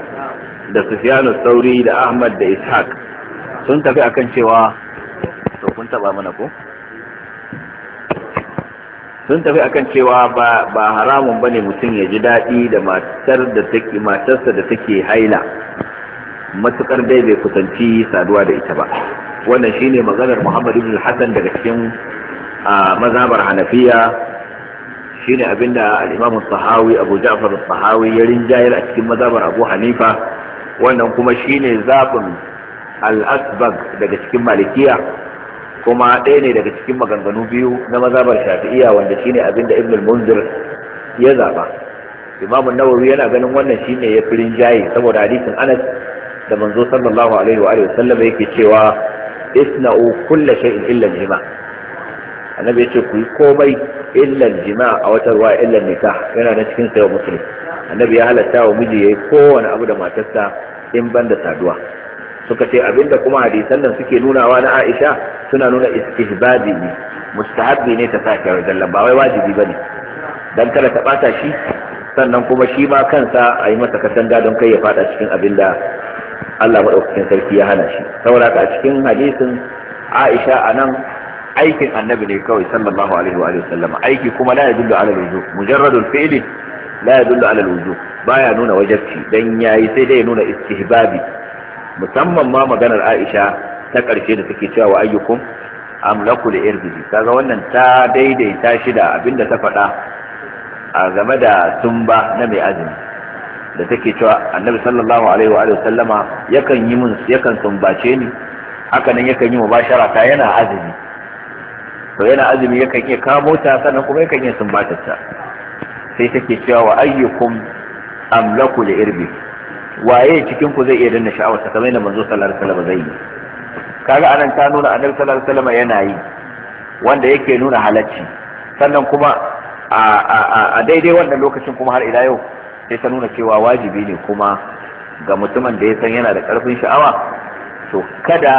Speaker 2: da Sufyanu Sauri da Ahmad da Ishaq sun tafi akan cewa to kun taba mana ko sun tafi akan cewa ba ba haramun bane mutum ya ji daɗi da matar da take matarsa da take haila matukar dai bai kusanci saduwa da ita ba wannan shine maganar Muhammad ibn Hassan daga cikin mazhabar Hanafiya shine abinda al-Imam Sahawi Abu Ja'far Sahawi ya rinjayar a cikin mazhabar Abu Hanifa wannan kuma shine zaɓin al-asbag daga cikin malikiya kuma ɗaya ne daga cikin maganganu biyu na mazabar shafi'iyya wanda shine abinda ibn al-munzir ya zaba imamu nawawi yana ganin wannan shine ya fi jayi saboda hadisin anas da manzo sallallahu alaihi wa alihi Sallama yake cewa isna'u kulla shay'in illa al-jima annabi yace ku yi komai illa jima'a a wata ruwa illa nikah yana da cikin sayyid muslim annabi ya halatta wa miji yayi kowane abu da matarsa in banda saduwa suka ce abinda kuma hadisan nan suke nunawa na Aisha suna nuna istihbabi ne mustahabbi ne ta sake rajallan ba wai wajibi ne. dan kada ta bata shi sannan kuma shi ma kansa a yi masa katanga don kai ya fada cikin abinda Allah madaukakin sarki ya hana shi saboda a cikin hadisin Aisha a nan aikin annabi ne kawai sallallahu alaihi wa sallam, aiki kuma la yadullu ala al-wujub mujarradul fi'li la yadullu ala alwujub baya nuna wajibci dan yayi sai dai nuna istihbabi musamman ma maganar Aisha ta karshe da take cewa wa ayyukum amlaku li irdihi kaga wannan ta daidaita shi da abinda ta faɗa a game da tumba na mai azumi da take cewa annabi sallallahu alaihi wa sallama yakan yi mun yakan tumbace ni haka nan yakan yi mubashara ta yana azumi to yana azumi yakan iya kamo ta sannan kuma yakan iya sumbatar sai take cewa wa ayyukum amlaku li irbi waye cikin ku zai iya danna sha'awar ta kamar yadda manzo sallallahu alaihi wasallam zai yi kaga anan ta nuna annabi sallallahu alaihi wasallam yana yi wanda yake nuna halacci sannan kuma a daidai wannan lokacin kuma har ila yau sai ta nuna cewa wajibi ne kuma ga mutumin da ya san yana da karfin sha'awa to kada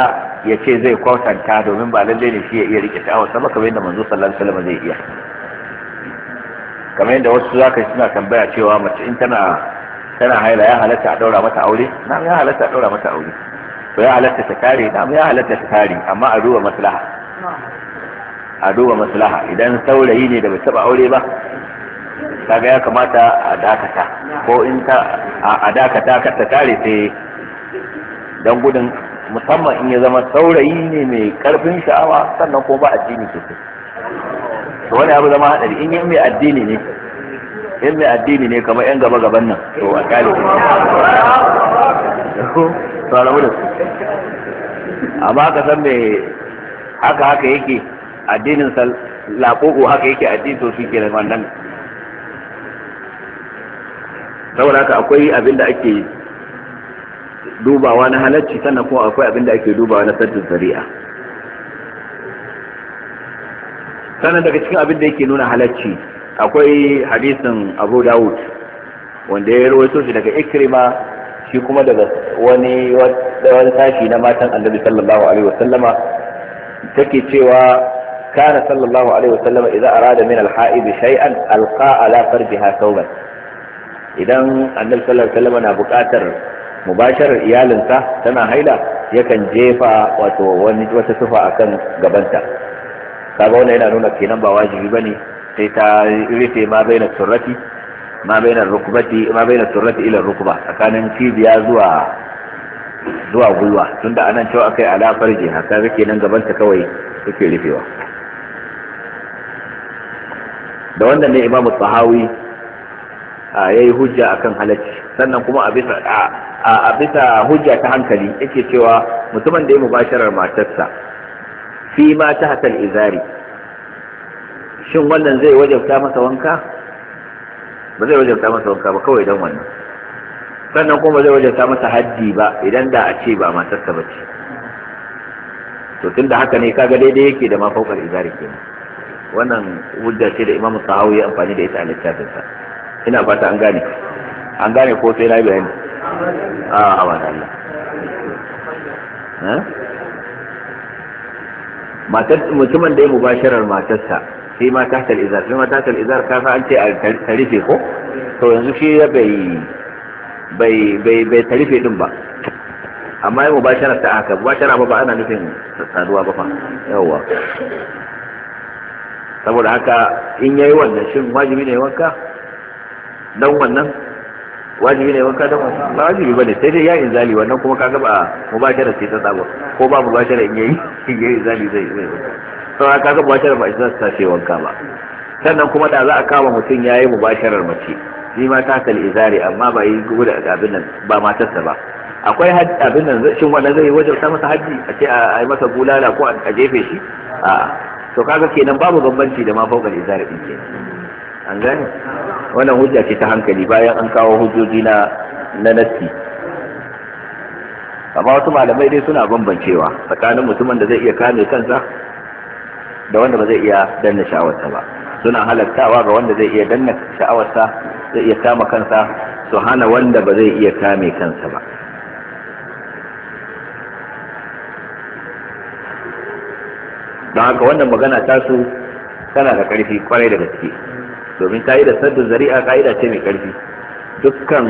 Speaker 2: ya ce zai kwatanta domin ba lalle ne shi ya iya rike sha'awar sa kamar yadda manzo sallallahu alaihi wasallam zai iya kamar yadda wasu za ka suna tambaya cewa mace in tana tana haila ya halatta a daura mata aure na ya halatta a daura mata aure to ya halatta ta kare na ya halatta ta kare amma a duba maslaha a duba maslaha idan saurayi ne da bai taba aure ba kaga ya kamata a dakata ko in ta a dakata ka ta kare sai dan gudun musamman in ya zama saurayi ne mai karfin sha'awa sannan ko ba a jini sosai to wani abu zama hadari in yi mai addini ne in mai addini ne kamar yan gaba gaban nan to a kyale su tsarabu da su amma aka san mai haka haka yake addinin sa laƙoƙo haka yake addini to shi ke da wannan saboda haka akwai abin da ake dubawa na halarci sannan kuma akwai abin da ake dubawa na sattin zari'a sannan daga cikin abin da yake nuna halacci akwai hadisin abu dawud wanda ya rawaito shi daga ikrima shi kuma daga wani wani sashi na matan annabi sallallahu alaihi wasallama take cewa kana sallallahu alaihi wasallama arada min al-ha'id shay'an alqa ala farjiha thawban idan annabi sallallahu alaihi wasallama na buƙatar mubasharar iyalinsa tana haila yakan jefa wato wani wata sufa akan gabanta kaga wannan yana nuna kenan ba wajibi bane sai ta rufe ma baina surrati ma baina rukbati ma baina ila rukba tsakanin cibiya zuwa zuwa gwiwa tunda anan cewa akai ala farji haka zake nan gaban ta kawai suke rufewa da wannan ne imamu tsahawi ya yi hujja akan halacci sannan kuma a bisa a bisa hujja ta hankali yake cewa mutumin da ya mubasharar matarsa fi ma ta hatal izari shin wannan zai wajabta masa wanka ba zai wajabta masa wanka ba kawai don wannan sannan kuma zai wajabta masa haddi ba idan da a ce ba matarsa ba ce to tun da haka ne kaga daidai yake da mafaukar izari kenan wannan hujja ce da imamu sahawi ya amfani da ita a littafinsa ina fata an gane an gane ko sai na bayani ah, a amana Allah eh? matar mutumin da ya mubasharar matarsa sai ma ta al-izar sai ma ta al-izar ka fa an ce a rufe ko to yanzu shi ya bai bai bai bai tarife din ba amma ya mubasharar ta aka mubashara ba ba ana nufin saduwa ba fa yawa saboda haka in yayi wannan shin wajibi ne wanka dan wannan wajibi ne wanka dan wannan wajibi bane sai dai ya inzali wannan kuma kaga ba mubasharar ce ta tsabo ko ba mubasharar in yayi zai zai sauran ka ga mubasharar ba za su tashi wanka ba sannan kuma da za a kama mutum ya yi mubasharar mace shi ma ta kal izari amma ba yi gudu da abin nan ba matarsa ba akwai abin nan shin wanda zai wajen ta masa haji a ce a yi masa bulala ko a jefe shi a to kaga kenan babu bambanci da ma izari din ke an gane wannan hujja ce ta hankali bayan an kawo hujjoji na na nasti amma wasu malamai dai suna bambancewa tsakanin mutumin da zai iya kame kansa da wanda ba zai iya danna sha'awarsa ba suna halartawa ga wanda zai iya danna sha'awarsa zai iya kama kansa su hana wanda ba zai iya kame kansa ba don haka wannan magana su tana da ƙarfi kwarai da gaske domin ta yi da saddin zari'a ka'ida ce mai ƙarfi dukkan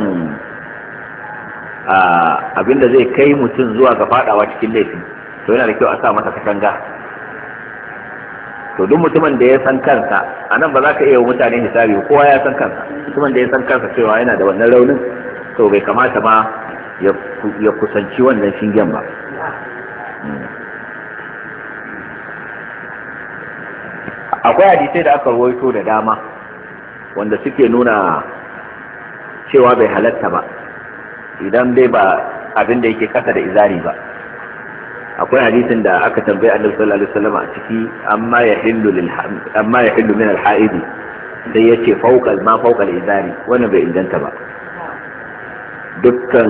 Speaker 2: abinda zai kai mutum zuwa ga fadawa cikin laifi to yana da kyau a sa masa katanga to duk mutumin da ya san kansa a nan ba za ka iya mutane hisabi kowa ya san kansa mutumin da ya san kansa cewa yana da wannan raunin to bai kamata ma ya kusanci wannan shingen ba akwai hadisai da aka rawaito da dama wanda suke nuna cewa bai halatta ba idan dai ba abin da yake kasa da izari ba akwai hadisin da aka tambayi annabi sallallahu alaihi wasallam a ciki amma ya hillu lil amma ya hillu min al haid sai yace fawqa ma fawqa al izari wannan bai inganta ba dukkan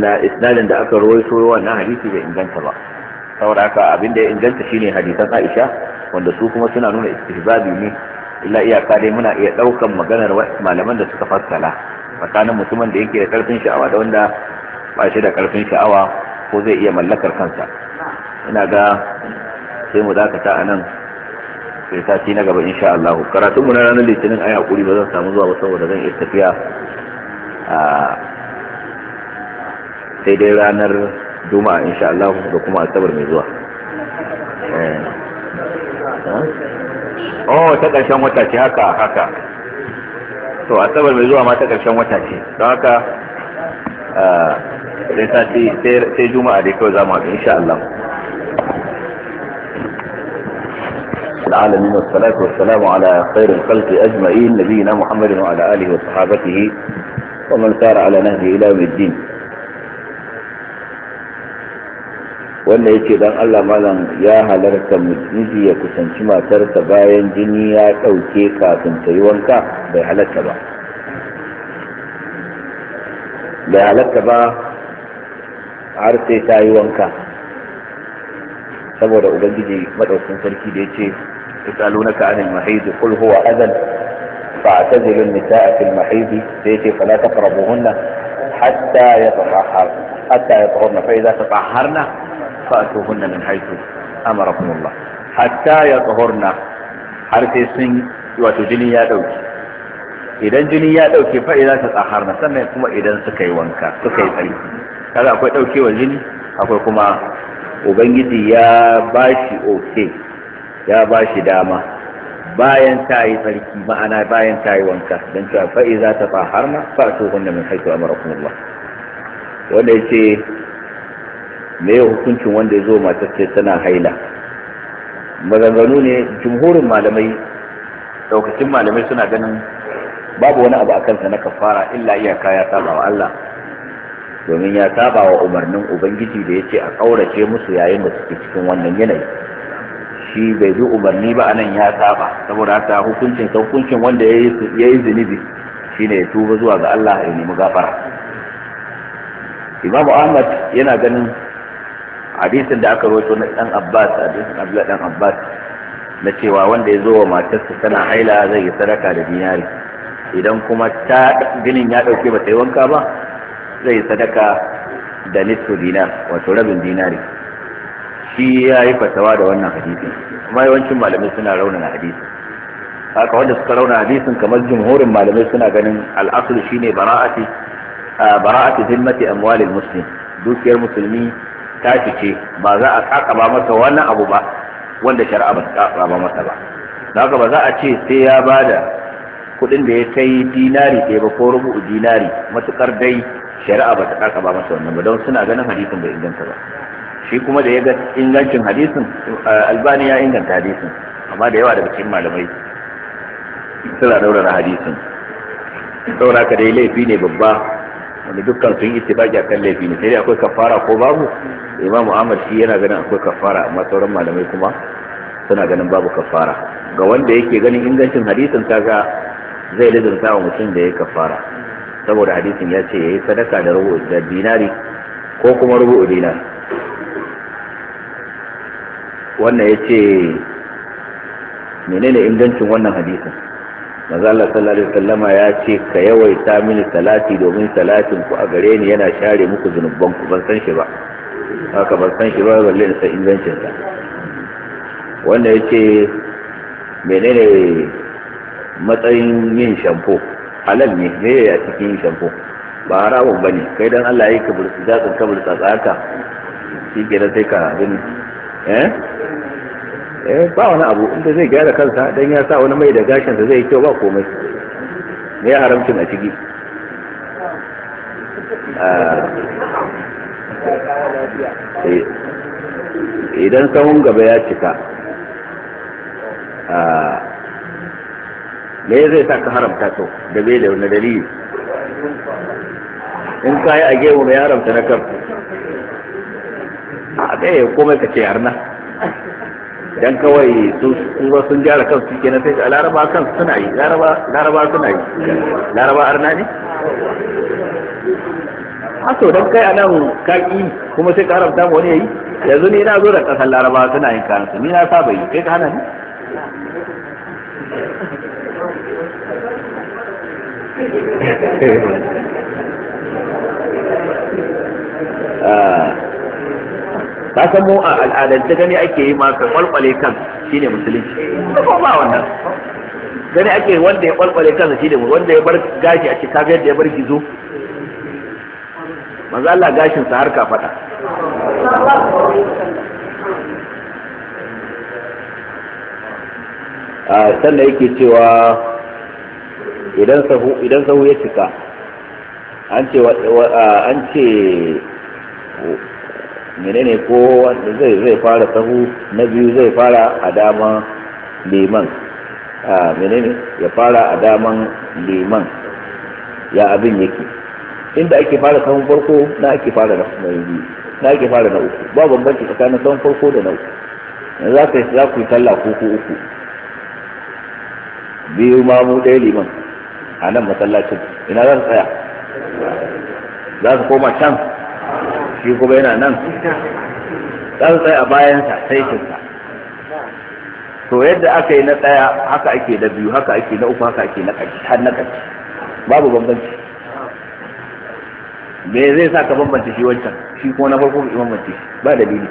Speaker 2: isnadin da aka rawaito wannan hadisi bai inganta ba saboda haka abin da ya inganta shine hadisan Aisha wanda su kuma suna nuna istihbabi ne illa iyaka dai muna iya daukan maganar malaman da suka fassala tsakanin mutumin da yake da karfin sha'awa da wanda ba shi da karfin sha'awa ko zai iya mallakar kansa ina ga sai mu dakata a nan sai sati na gaba insha Allah karatun mu na ranar litinin ai hakuri ba zan samu zuwa ba saboda zan iya tafiya a sai dai ranar juma insha Allah da kuma asabar mai zuwa eh. oh ta ƙarshen wata ce haka haka to asabar mai zuwa ma ta karshen wata ce don haka sai sati sai juma'a da kawai zamu haɗu insha Allah العالمين والصلاة والسلام على خير الخلق أجمعين نبينا محمد وعلى آله وصحابته ومن سار على نهجه إلى يوم الدين wanda yake dan Allah malam ya halarta miji ya kusanci matarsa bayan jini ya ɗauke kafin ta yi wanka bai halarta ba bai halarta ba har sai ta yi wanka saboda ubangiji maɗaukin sarki da ya ce yasalunaka anil mahid qul huwa adan fa'tazilu an-nisaa fil mahid sai ce fala na hatta yatahharna hatta yatahharna fa idza tatahharna فأتوهن من حيث أمركم الله har sai sun wato jini ya دوكي idan jini ya dauke fa idan ta tsaharna sannan kuma idan suka yi wanka suka yi tsari kaza akwai daukewar jini akwai kuma ubangiji ya bashi oke ya bashi dama bayan ta yi tsarki ma'ana bayan ta yi wanka don cewa fa'i za ta fa harma fa to wanda mai haitu amara kuma wanda ya ce me ya hukuncin wanda ya zo matar ce tana haila maganganu ne jumhurin malamai daukacin malamai suna ganin babu wani abu a kansa na kafara illa iyaka ya saba wa Allah domin ya saba wa umarnin ubangiji da yace a kaurace musu yayin da suke cikin wannan yanayi shi bai bi umarni ba anan ya saba saboda haka hukuncin hukuncin wanda ya yi zunubi shine ya tuba zuwa ga Allah ya nemi gafara Imam Ahmad yana ganin hadisin da aka rawaito na dan Abbas hadisin Abdullah dan Abbas na cewa wanda ya zo wa matarsa tana haila zai yi sadaka da dinari idan kuma ta ginin ya dauke ba ta yi wanka ba zai yi sadaka da nisfu dinar wato rabin dinari shi ya yi fatawa da wannan hadisin kuma yawancin malamai suna raunana hadisin haka wanda suka rauna hadisin kamar jumhurin malamai suna ganin al'asul shine bara'ati bara'ati zimmati amwalil muslim dukiyar musulmi ta fice ba za a kakaba masa wani abu ba wanda shari'a ba ta ba masa ba haka ba za a ce sai ya bada kudin da ya kai dinari ɗaya ba ko rubu'u dinari matukar dai shari'a ba ta kakaba masa wannan ba don suna ganin hadisin bai inganta ba shi kuma da ya ga ingancin hadisin albani ya inganta hadisin amma da yawa daga cikin malamai suna daurara hadisin saboda dai laifi ne babba wanda dukkan sun yi tibaki a kan laifi ne sai akwai kafara ko babu imam Muhammad shi yana ganin akwai kafara amma sauran malamai kuma suna ganin babu kafara ga wanda yake ganin ingancin hadisin ga zai lazanta wa mutum da ya kafara saboda hadisin ya ce ya yi sadaka da rubu da dinari ko kuma rubu dinar wannan ya ce menene ingancin wannan hadisin manzala sallallahu alaihi wasallama ya ce ka yawaita mini salati domin salatin ku a gare ni yana share muku zunuban ku ban san shi ba haka ban san shi ba balle in san ingancin sa wanda yake menene matsayin yin shampo halal ne me ya cikin yin shampo ba haramun bane kai dan Allah yake burtsa zaka burtsa tsaka shi kenan sai ka gani eh eh ba wani abu inda zai gyara kansa don ya sa wani mai da gashin da zai kyau ba komai ne ya haramcin a ciki ah, eh, idan sahun gaba ya cika ah, me zai sa ka haramta to da bai da wani dalili
Speaker 3: in ka yi a gewu mai haramta na kan
Speaker 2: a ah, ɗaya komai ka ce harna dan kawai su ba sun gyara kansu ke na sai laraba kansu suna yi laraba suna yi laraba arna ne Aso ah, dan kai a nan kaki kuma sai ka ta wani yayi yanzu ni na zo da kasar laraba suna yin kansu ni na saba yi kai ka hana ni ah ka san mu a al'adance gani ake yi ma ka kwalkwale kan shine musulunci ko ba wannan gani ake wanda ya kwalkwale kansa shine wanda ya bar gashi a cikin yadda ya bar gizo manzo Allah gashin sa har ka fada sannan yake cewa idan sahu idan sahu ya cika an ce an ce menene ko wanda zai zai fara sahu na biyu zai fara a daman liman a menene ya fara a daman liman ya abin yake inda ake fara sahun farko na ake fara na biyu na ake fara na uku ba bambanci tsakanin sahun farko da na uku yanzu za ka za ku yi sallah ko ku uku biyu ma mu ɗaya liman a nan masallacin ina za su tsaya za su koma can
Speaker 3: shi kuma yana nan
Speaker 2: tsantsai a bayansa sai shinsa to yadda aka yi na ɗaya haka ake na biyu haka ake na uku haka ake na ƙarshe har na ƙarshe babu bambanci me zai sa ka bambanta shi wancan shi kuma na farko ka bambanta shi ba dalili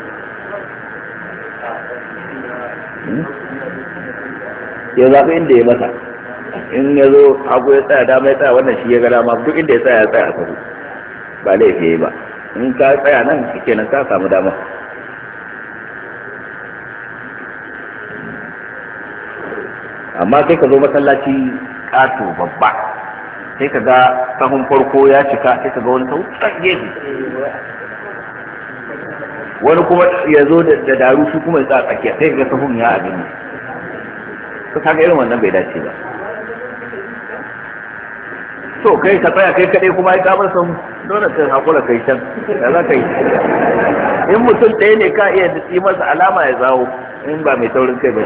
Speaker 3: hmm? ya
Speaker 2: zaɓi inda ya masa in ya zo hagu ya tsaya dama ya tsaya wannan shi ya ga dama duk inda ya tsaya ya tsaya a sabu ba laifi ya yi ba in ka tsaya nan shi nan ka samu dama amma sai ka zo masallaci ƙato babba sai ka ga sahun farko ya cika sai ka ga wani sautan gefe wani kuma ya zo da daru su kuma ya tsakiya sai ka ga sahun ya abin ne ka kaga irin wannan bai dace ba
Speaker 3: So, kai ka tsaya kai kaɗai
Speaker 2: kuma ya kamar sahun dole hakura kai can da za ka yi in mutum ɗaya ne ka iya yi masa alama ya zawo in ba mai taurin kai ba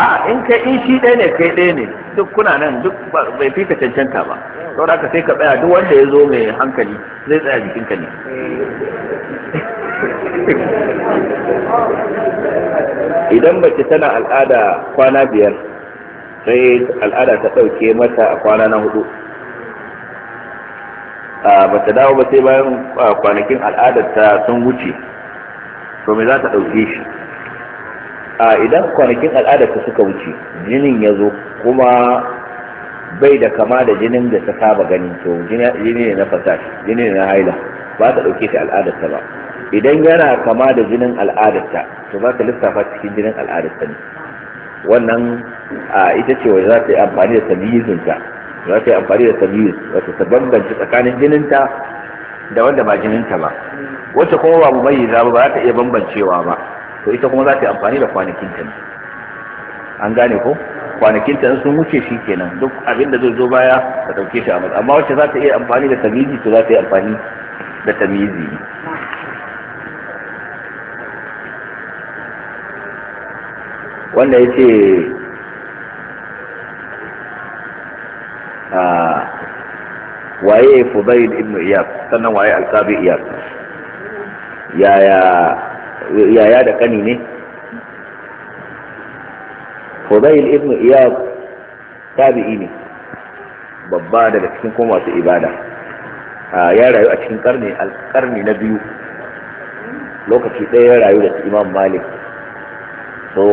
Speaker 2: a in kai in shi ɗaya ne kai ɗaya ne duk kuna nan duk bai fi ka cancanta ba saboda ka sai ka tsaya duk wanda ya zo mai hankali zai tsaya jikinka ne idan mace tana al'ada kwana biyar sai al'ada ta ɗauke mata a kwana na hudu ba ta dawo ba sai bayan kwanakin al'adarta sun wuce to me za ta ɗauke shi idan kwanakin al'adarta suka wuce jinin ya zo kuma bai da kama da jinin da ta saba ganin to jini ne na fasash jini ne na haila ba ta ɗauke shi al'adarta ba idan yana kama da jinin al'adarta to za ta lissafa cikin jinin al'adarta ne wannan ita ce wa za ta yi amfani da ta. za ta yi amfani da tamyiz wata ta bambance tsakanin jininta da wanda ba jininta ba wacce kuma ba mu za ba ba za ta iya bambancewa ba to ita kuma za ta yi amfani da kwanakin ne an gane ko ta sun wuce shi kenan duk abin da zai zo baya ka ɗauke shi a matsa amma wacce za ta iya amfani da tamyizi to za ta yi amfani da tamyizi wanda ya ce waye fudail ibn iyas sannan waye alqabi iyas yaya yaya da kani ne fudail ibn iyas tabi'i ne babba daga cikin kuma masu ibada ya rayu a cikin karni alkarni na biyu lokaci ɗaya ya rayu da imam malik so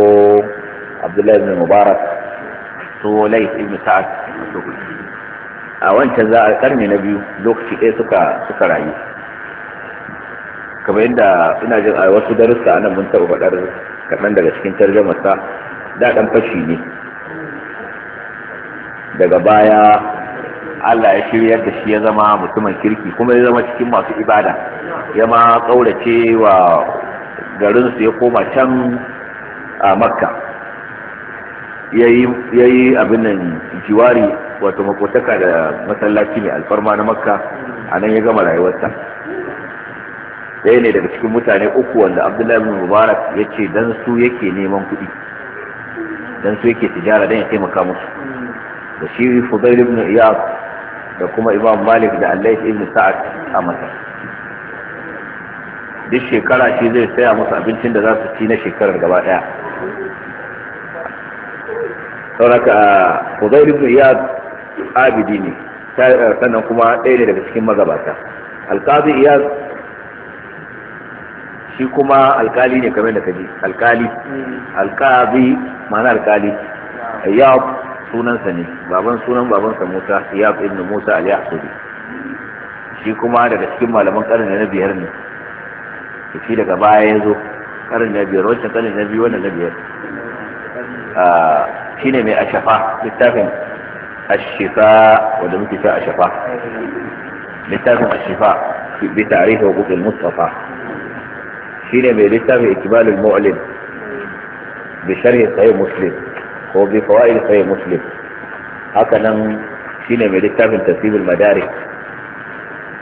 Speaker 2: abdullahi ibn mubarak so lais ibn sa'ad a wancan za a karni na biyu lokaci ɗaya suka suka rayu kamar yadda ina jin a wasu darussa nan mun taɓa faɗar kaɗan daga cikin tarjamasa da ɗan fashi ne daga baya Allah ya shirya da shi ya zama mutumin kirki kuma ya zama cikin masu ibada ya ma ƙaurace wa garinsu ya koma can a makka ya yi abin nan jiwari wato makotaka da masallaci ne alfarma na makka a nan ya gama rayuwarsa ɗaya ne daga cikin mutane uku wanda abdullahi bin mubarak ya ce don su yake neman kuɗi don su yake tijara dan ya taimaka musu da shi fudail ibn iyad da kuma imam malik da allais ibn sa'ad a masar duk shekara shi zai saya musu abincin da za su ci na shekarar gaba ɗaya sauraka fudail ibn iyad abidi ne eh, sannan kuma ɗaya ne daga cikin magabata alkazi iya shi kuma alkali ne kamar da kaji alkali mm. alkazi ma'ana alkali iyaz sunansa ne baban sunan babansa musa iyaz ibn musa Aliyah yahsubi shi kuma daga cikin malaman karni na biyar ne shi daga baya ya zo karni na biyar wancan ƙarin na biyu wannan na biyar mm. ah, shi ne mai shafa littafin الشفاء وده شفاء فيها الشفاء بتعريف وقوف المصطفى شيني بلتاه اكبال المعلن بشره صحيح مسلم وبفوائد صحيح مسلم هكذا شيني بلتاه ترتيب المدارك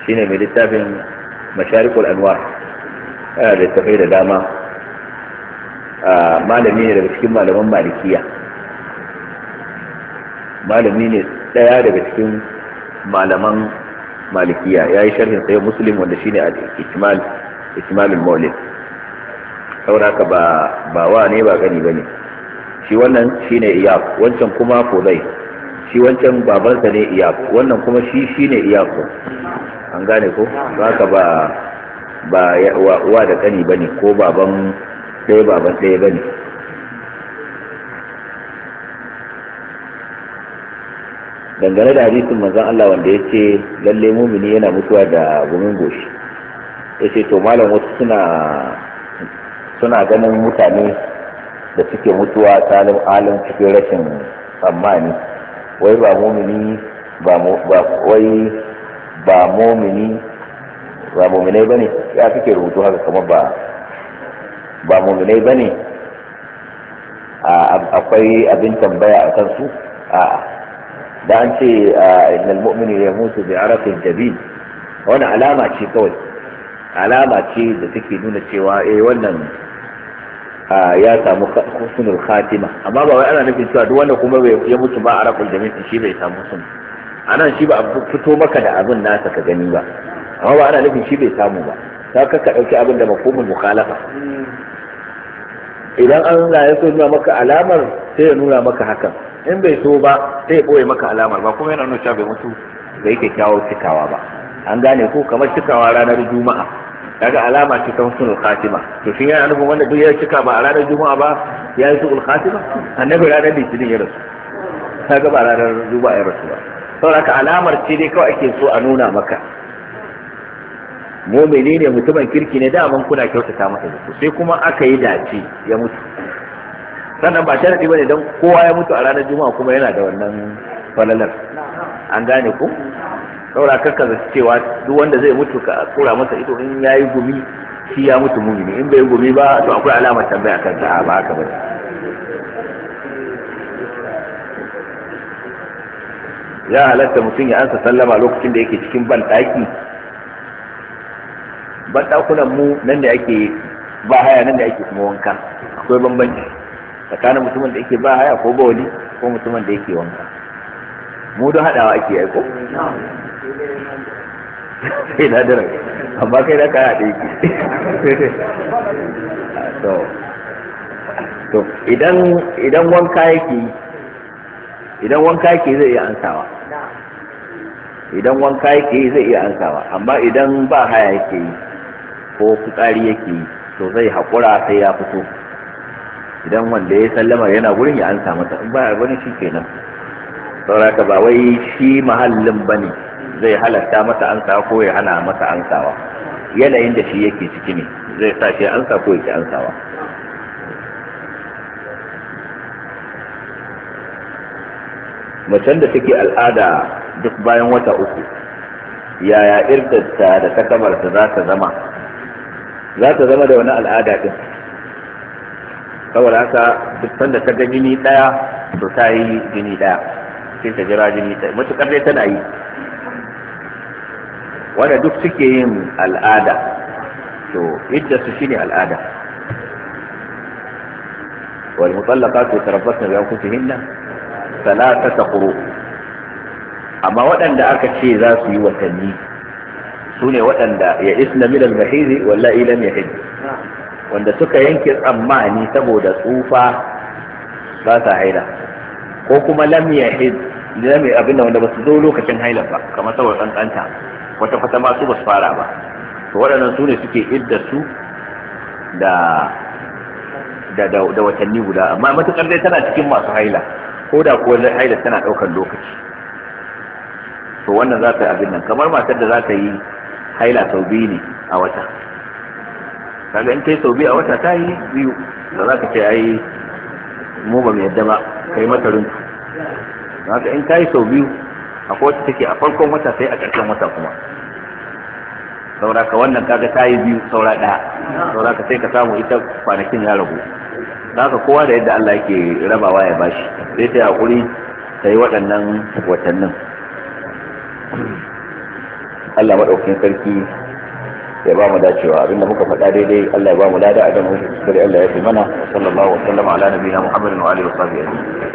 Speaker 2: شيني بلتاه مشارق الانوار هذا التفعيل داما ما لم يهر بشكل ما لم مالكيه malami ne daya daga cikin malaman malikiya ya yi sharhin sai muslim wanda shine a ikmal ikmalul saboda sauraka ba ba wa ne ba gani bane shi wannan shine iyak wancan kuma fudai shi wancan babansa ne iyak wannan kuma shi shine iyaq an gane ko haka ba ba wa da ba bane ko baban ɗaya baban ɗaya bane dangane da hadisin manzon Allah wanda ya ce lalle mumini yana mutuwa da gumin goshi ya ce to malam wasu suna suna ganin mutane da suke mutuwa salim alim cikin rashin tsammani wai ba mumini ba wai ba mumini ba muminai bane ya suke rubutu haka kamar ba ba muminai bane akwai abin tambaya a kansu a'a da an ce ah, innal mu'mini ya mutu bi arafin jabin wani alama ce kawai alama ce da take nuna cewa eh wannan ah, ya samu husnul khatima amma ba wai ana nufin cewa duk wanda kuma ya mutu ba arafin jabin shi bai samu sun anan shi ba fito maka da abin nasa ka gani ba amma ba ana nufin shi bai samu ba ta kaka ɗauki abin da makomin mukhalafa idan an ya so nuna maka alamar sai ya nuna maka hakan in bai so ba sai ya ɓoye maka alamar ba kuma yana nuna bai mutu bai kyakkyawar cikawa ba an gane ko kamar cikawa ranar juma'a daga alama ce ta husnul khatima to shin yana nufin wanda duk ya cika ba a ranar juma'a ba ya yi su'ul khatima annabi ranar litinin ya rasu ta ba ranar juma'a ya rasu ba saboda alamar ce dai kawai ake so a nuna maka mumini ne mutumin kirki ne daman kuna kyautata masa zato sai kuma aka yi dace ya mutu sannan ba sharadi ne don kowa ya mutu a ranar juma'a kuma yana da wannan falalar an gane ku saura karka da cewa duk wanda zai mutu ka tsora masa ido in ya yi gumi shi ya mutu mumini in bai gumi ba to akwai alamar tambaya kan ta ba haka ba ya halatta mutum ya ansa sallama lokacin da yake cikin banɗaki ɗakunan mu nan da ake ba haya nan da ake kuma wanka akwai bambanci tsakanin mutumin da yake ba haya ko ba wali ko mutumin da yake wanka mu don haɗawa ake yi ko
Speaker 3: sai na dare amma kai da kaya da yake
Speaker 2: to idan idan wanka yake idan wanka yake zai iya ansawa idan wanka yake yi zai iya ansawa amma idan ba haya yake yi ko fitsari yake yi to zai haƙura sai ya fito idan wanda ya sallama yana gurin ya ansa masa in ba wani shi kenan sauraka ba wai shi mahallin bane zai halatta masa ansa ko ya hana masa ansawa yanayin da shi yake ciki ne zai sa shi ansa ko yake ansawa macen da take al'ada duk bayan wata uku yaya irdarta da takabarta za ta zama za ta zama da wani al'ada din saboda haka duk sanda ta ga jini daya to ta yi jini daya sai ta jira jini daya matukar dai tana yi wanda duk suke yin al'ada to idda su shine al'ada wal mutallaqatu tarabbasna bi anfusihinna thalathata quru amma waɗanda aka ce za su yi watanni su ne waɗanda ya isna min al-mahizi wallahi lam yahid wanda suka yanke tsammani saboda tsufa ba sa haila ko kuma lam yahid lam abin da wanda ba su zo lokacin haila ba kamar saboda kankanta wata kwata ma su ba su fara ba to waɗannan su ne suke idda su da da da watanni guda amma matukar dai tana cikin masu haila ko da kuwa haila tana ɗaukar lokaci to wannan za ta abin nan kamar matar da za ta yi haila sau biyu ne a wata kaga in kai sau biyu a wata ta yi biyu da za ka ce ai mu ba mu yadda ba kai mata runtu haka in kai yi sau biyu a kowace take a farkon wata sai a ƙarshen wata kuma saura ka wannan kaga ta yi biyu saura ɗaya saura ka sai ka samu ita kwanakin ya ragu ka kowa da yadda Allah yake rabawa ya bashi sai ta hakuri ta yi waɗannan watannin Allah maɗaukin sarki ya ba mu dacewa
Speaker 3: abinda muka faɗa daidai Allah ya ba mu lada a dan hukunci Allah ya fi mana sallallahu alaihi wa sallam ala nabiyina Muhammadin wa alihi wa sahbihi